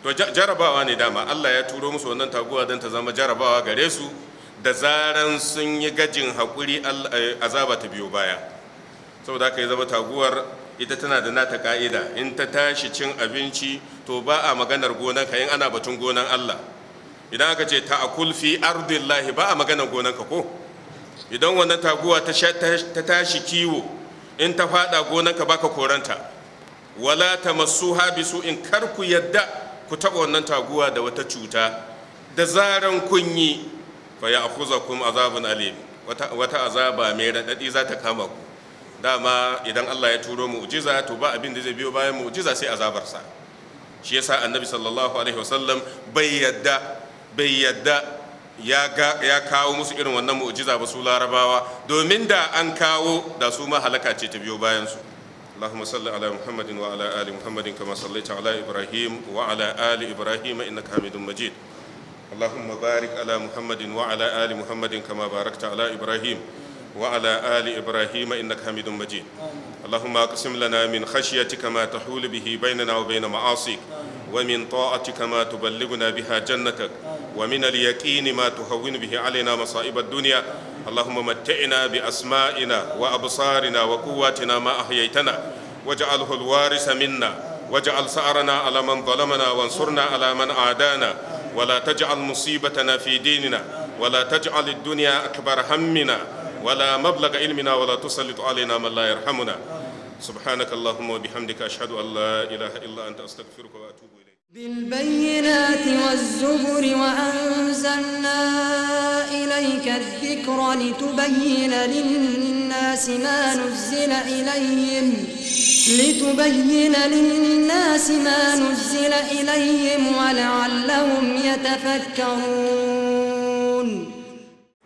to jarabawa ne dama Allah ya turo musu wannan taguwa don ta zama jarabawa gare su da zaran sun yi gajin haƙuri eh, azaba ta biyo baya saboda ka yi zama taguwar ita tana da nata ka'ida in ta tashi cin abinci to ba a maganar ka. Yin ana batun gonan Allah idan aka ce ta akul fi ardillahi ba a maganar ka ko idan wannan taguwa ta tashi kiwo in ta fada ka baka koranta wala tamassuha bisu in kar ku yadda ku taba wannan taguwa da wata cuta da zaran kun yi fa ya'khuzakum azabun alim wata azaba mai radadi za ta kama ku dama idan Allah ya turo mu'jiza to ba abin da zai biyo bayan mu'jiza sai azabarsa shi yasa annabi sallallahu alaihi wasallam bai yadda bai yadda ya ga ya kawo musu irin wannan mu'jiza ba su larabawa domin da an kawo da su ma halaka ce ta biyo bayan su اللهم صل على محمد وعلى آل محمد كما صليت على إبراهيم وعلى آل إبراهيم إنك حميد مجيد اللهم بارك على محمد وعلى آل محمد كما باركت على إبراهيم وعلى آل إبراهيم إنك حميد مجيد اللهم اقسم لنا من خشيتك ما تحول به بيننا وبين معاصيك ومن طاعتك ما تبلغنا بها جنتك ومن اليقين ما تهون به علينا مصائب الدنيا اللهم متعنا بأسمائنا وأبصارنا وقواتنا ما أحييتنا واجعله الوارث منا واجعل سعرنا على من ظلمنا وانصرنا على من عادانا ولا تجعل مصيبتنا في ديننا ولا تجعل الدنيا أكبر همنا ولا مبلغ علمنا ولا تسلط علينا من لا يرحمنا سبحانك اللهم وبحمدك أشهد أن لا إله إلا أنت أستغفرك وأتوب إليك بالبينات والزبر وأنزلنا إليك الذكر لتبين للناس ما نزل إليهم لتبين للناس ما نزل إليهم ولعلهم يتفكرون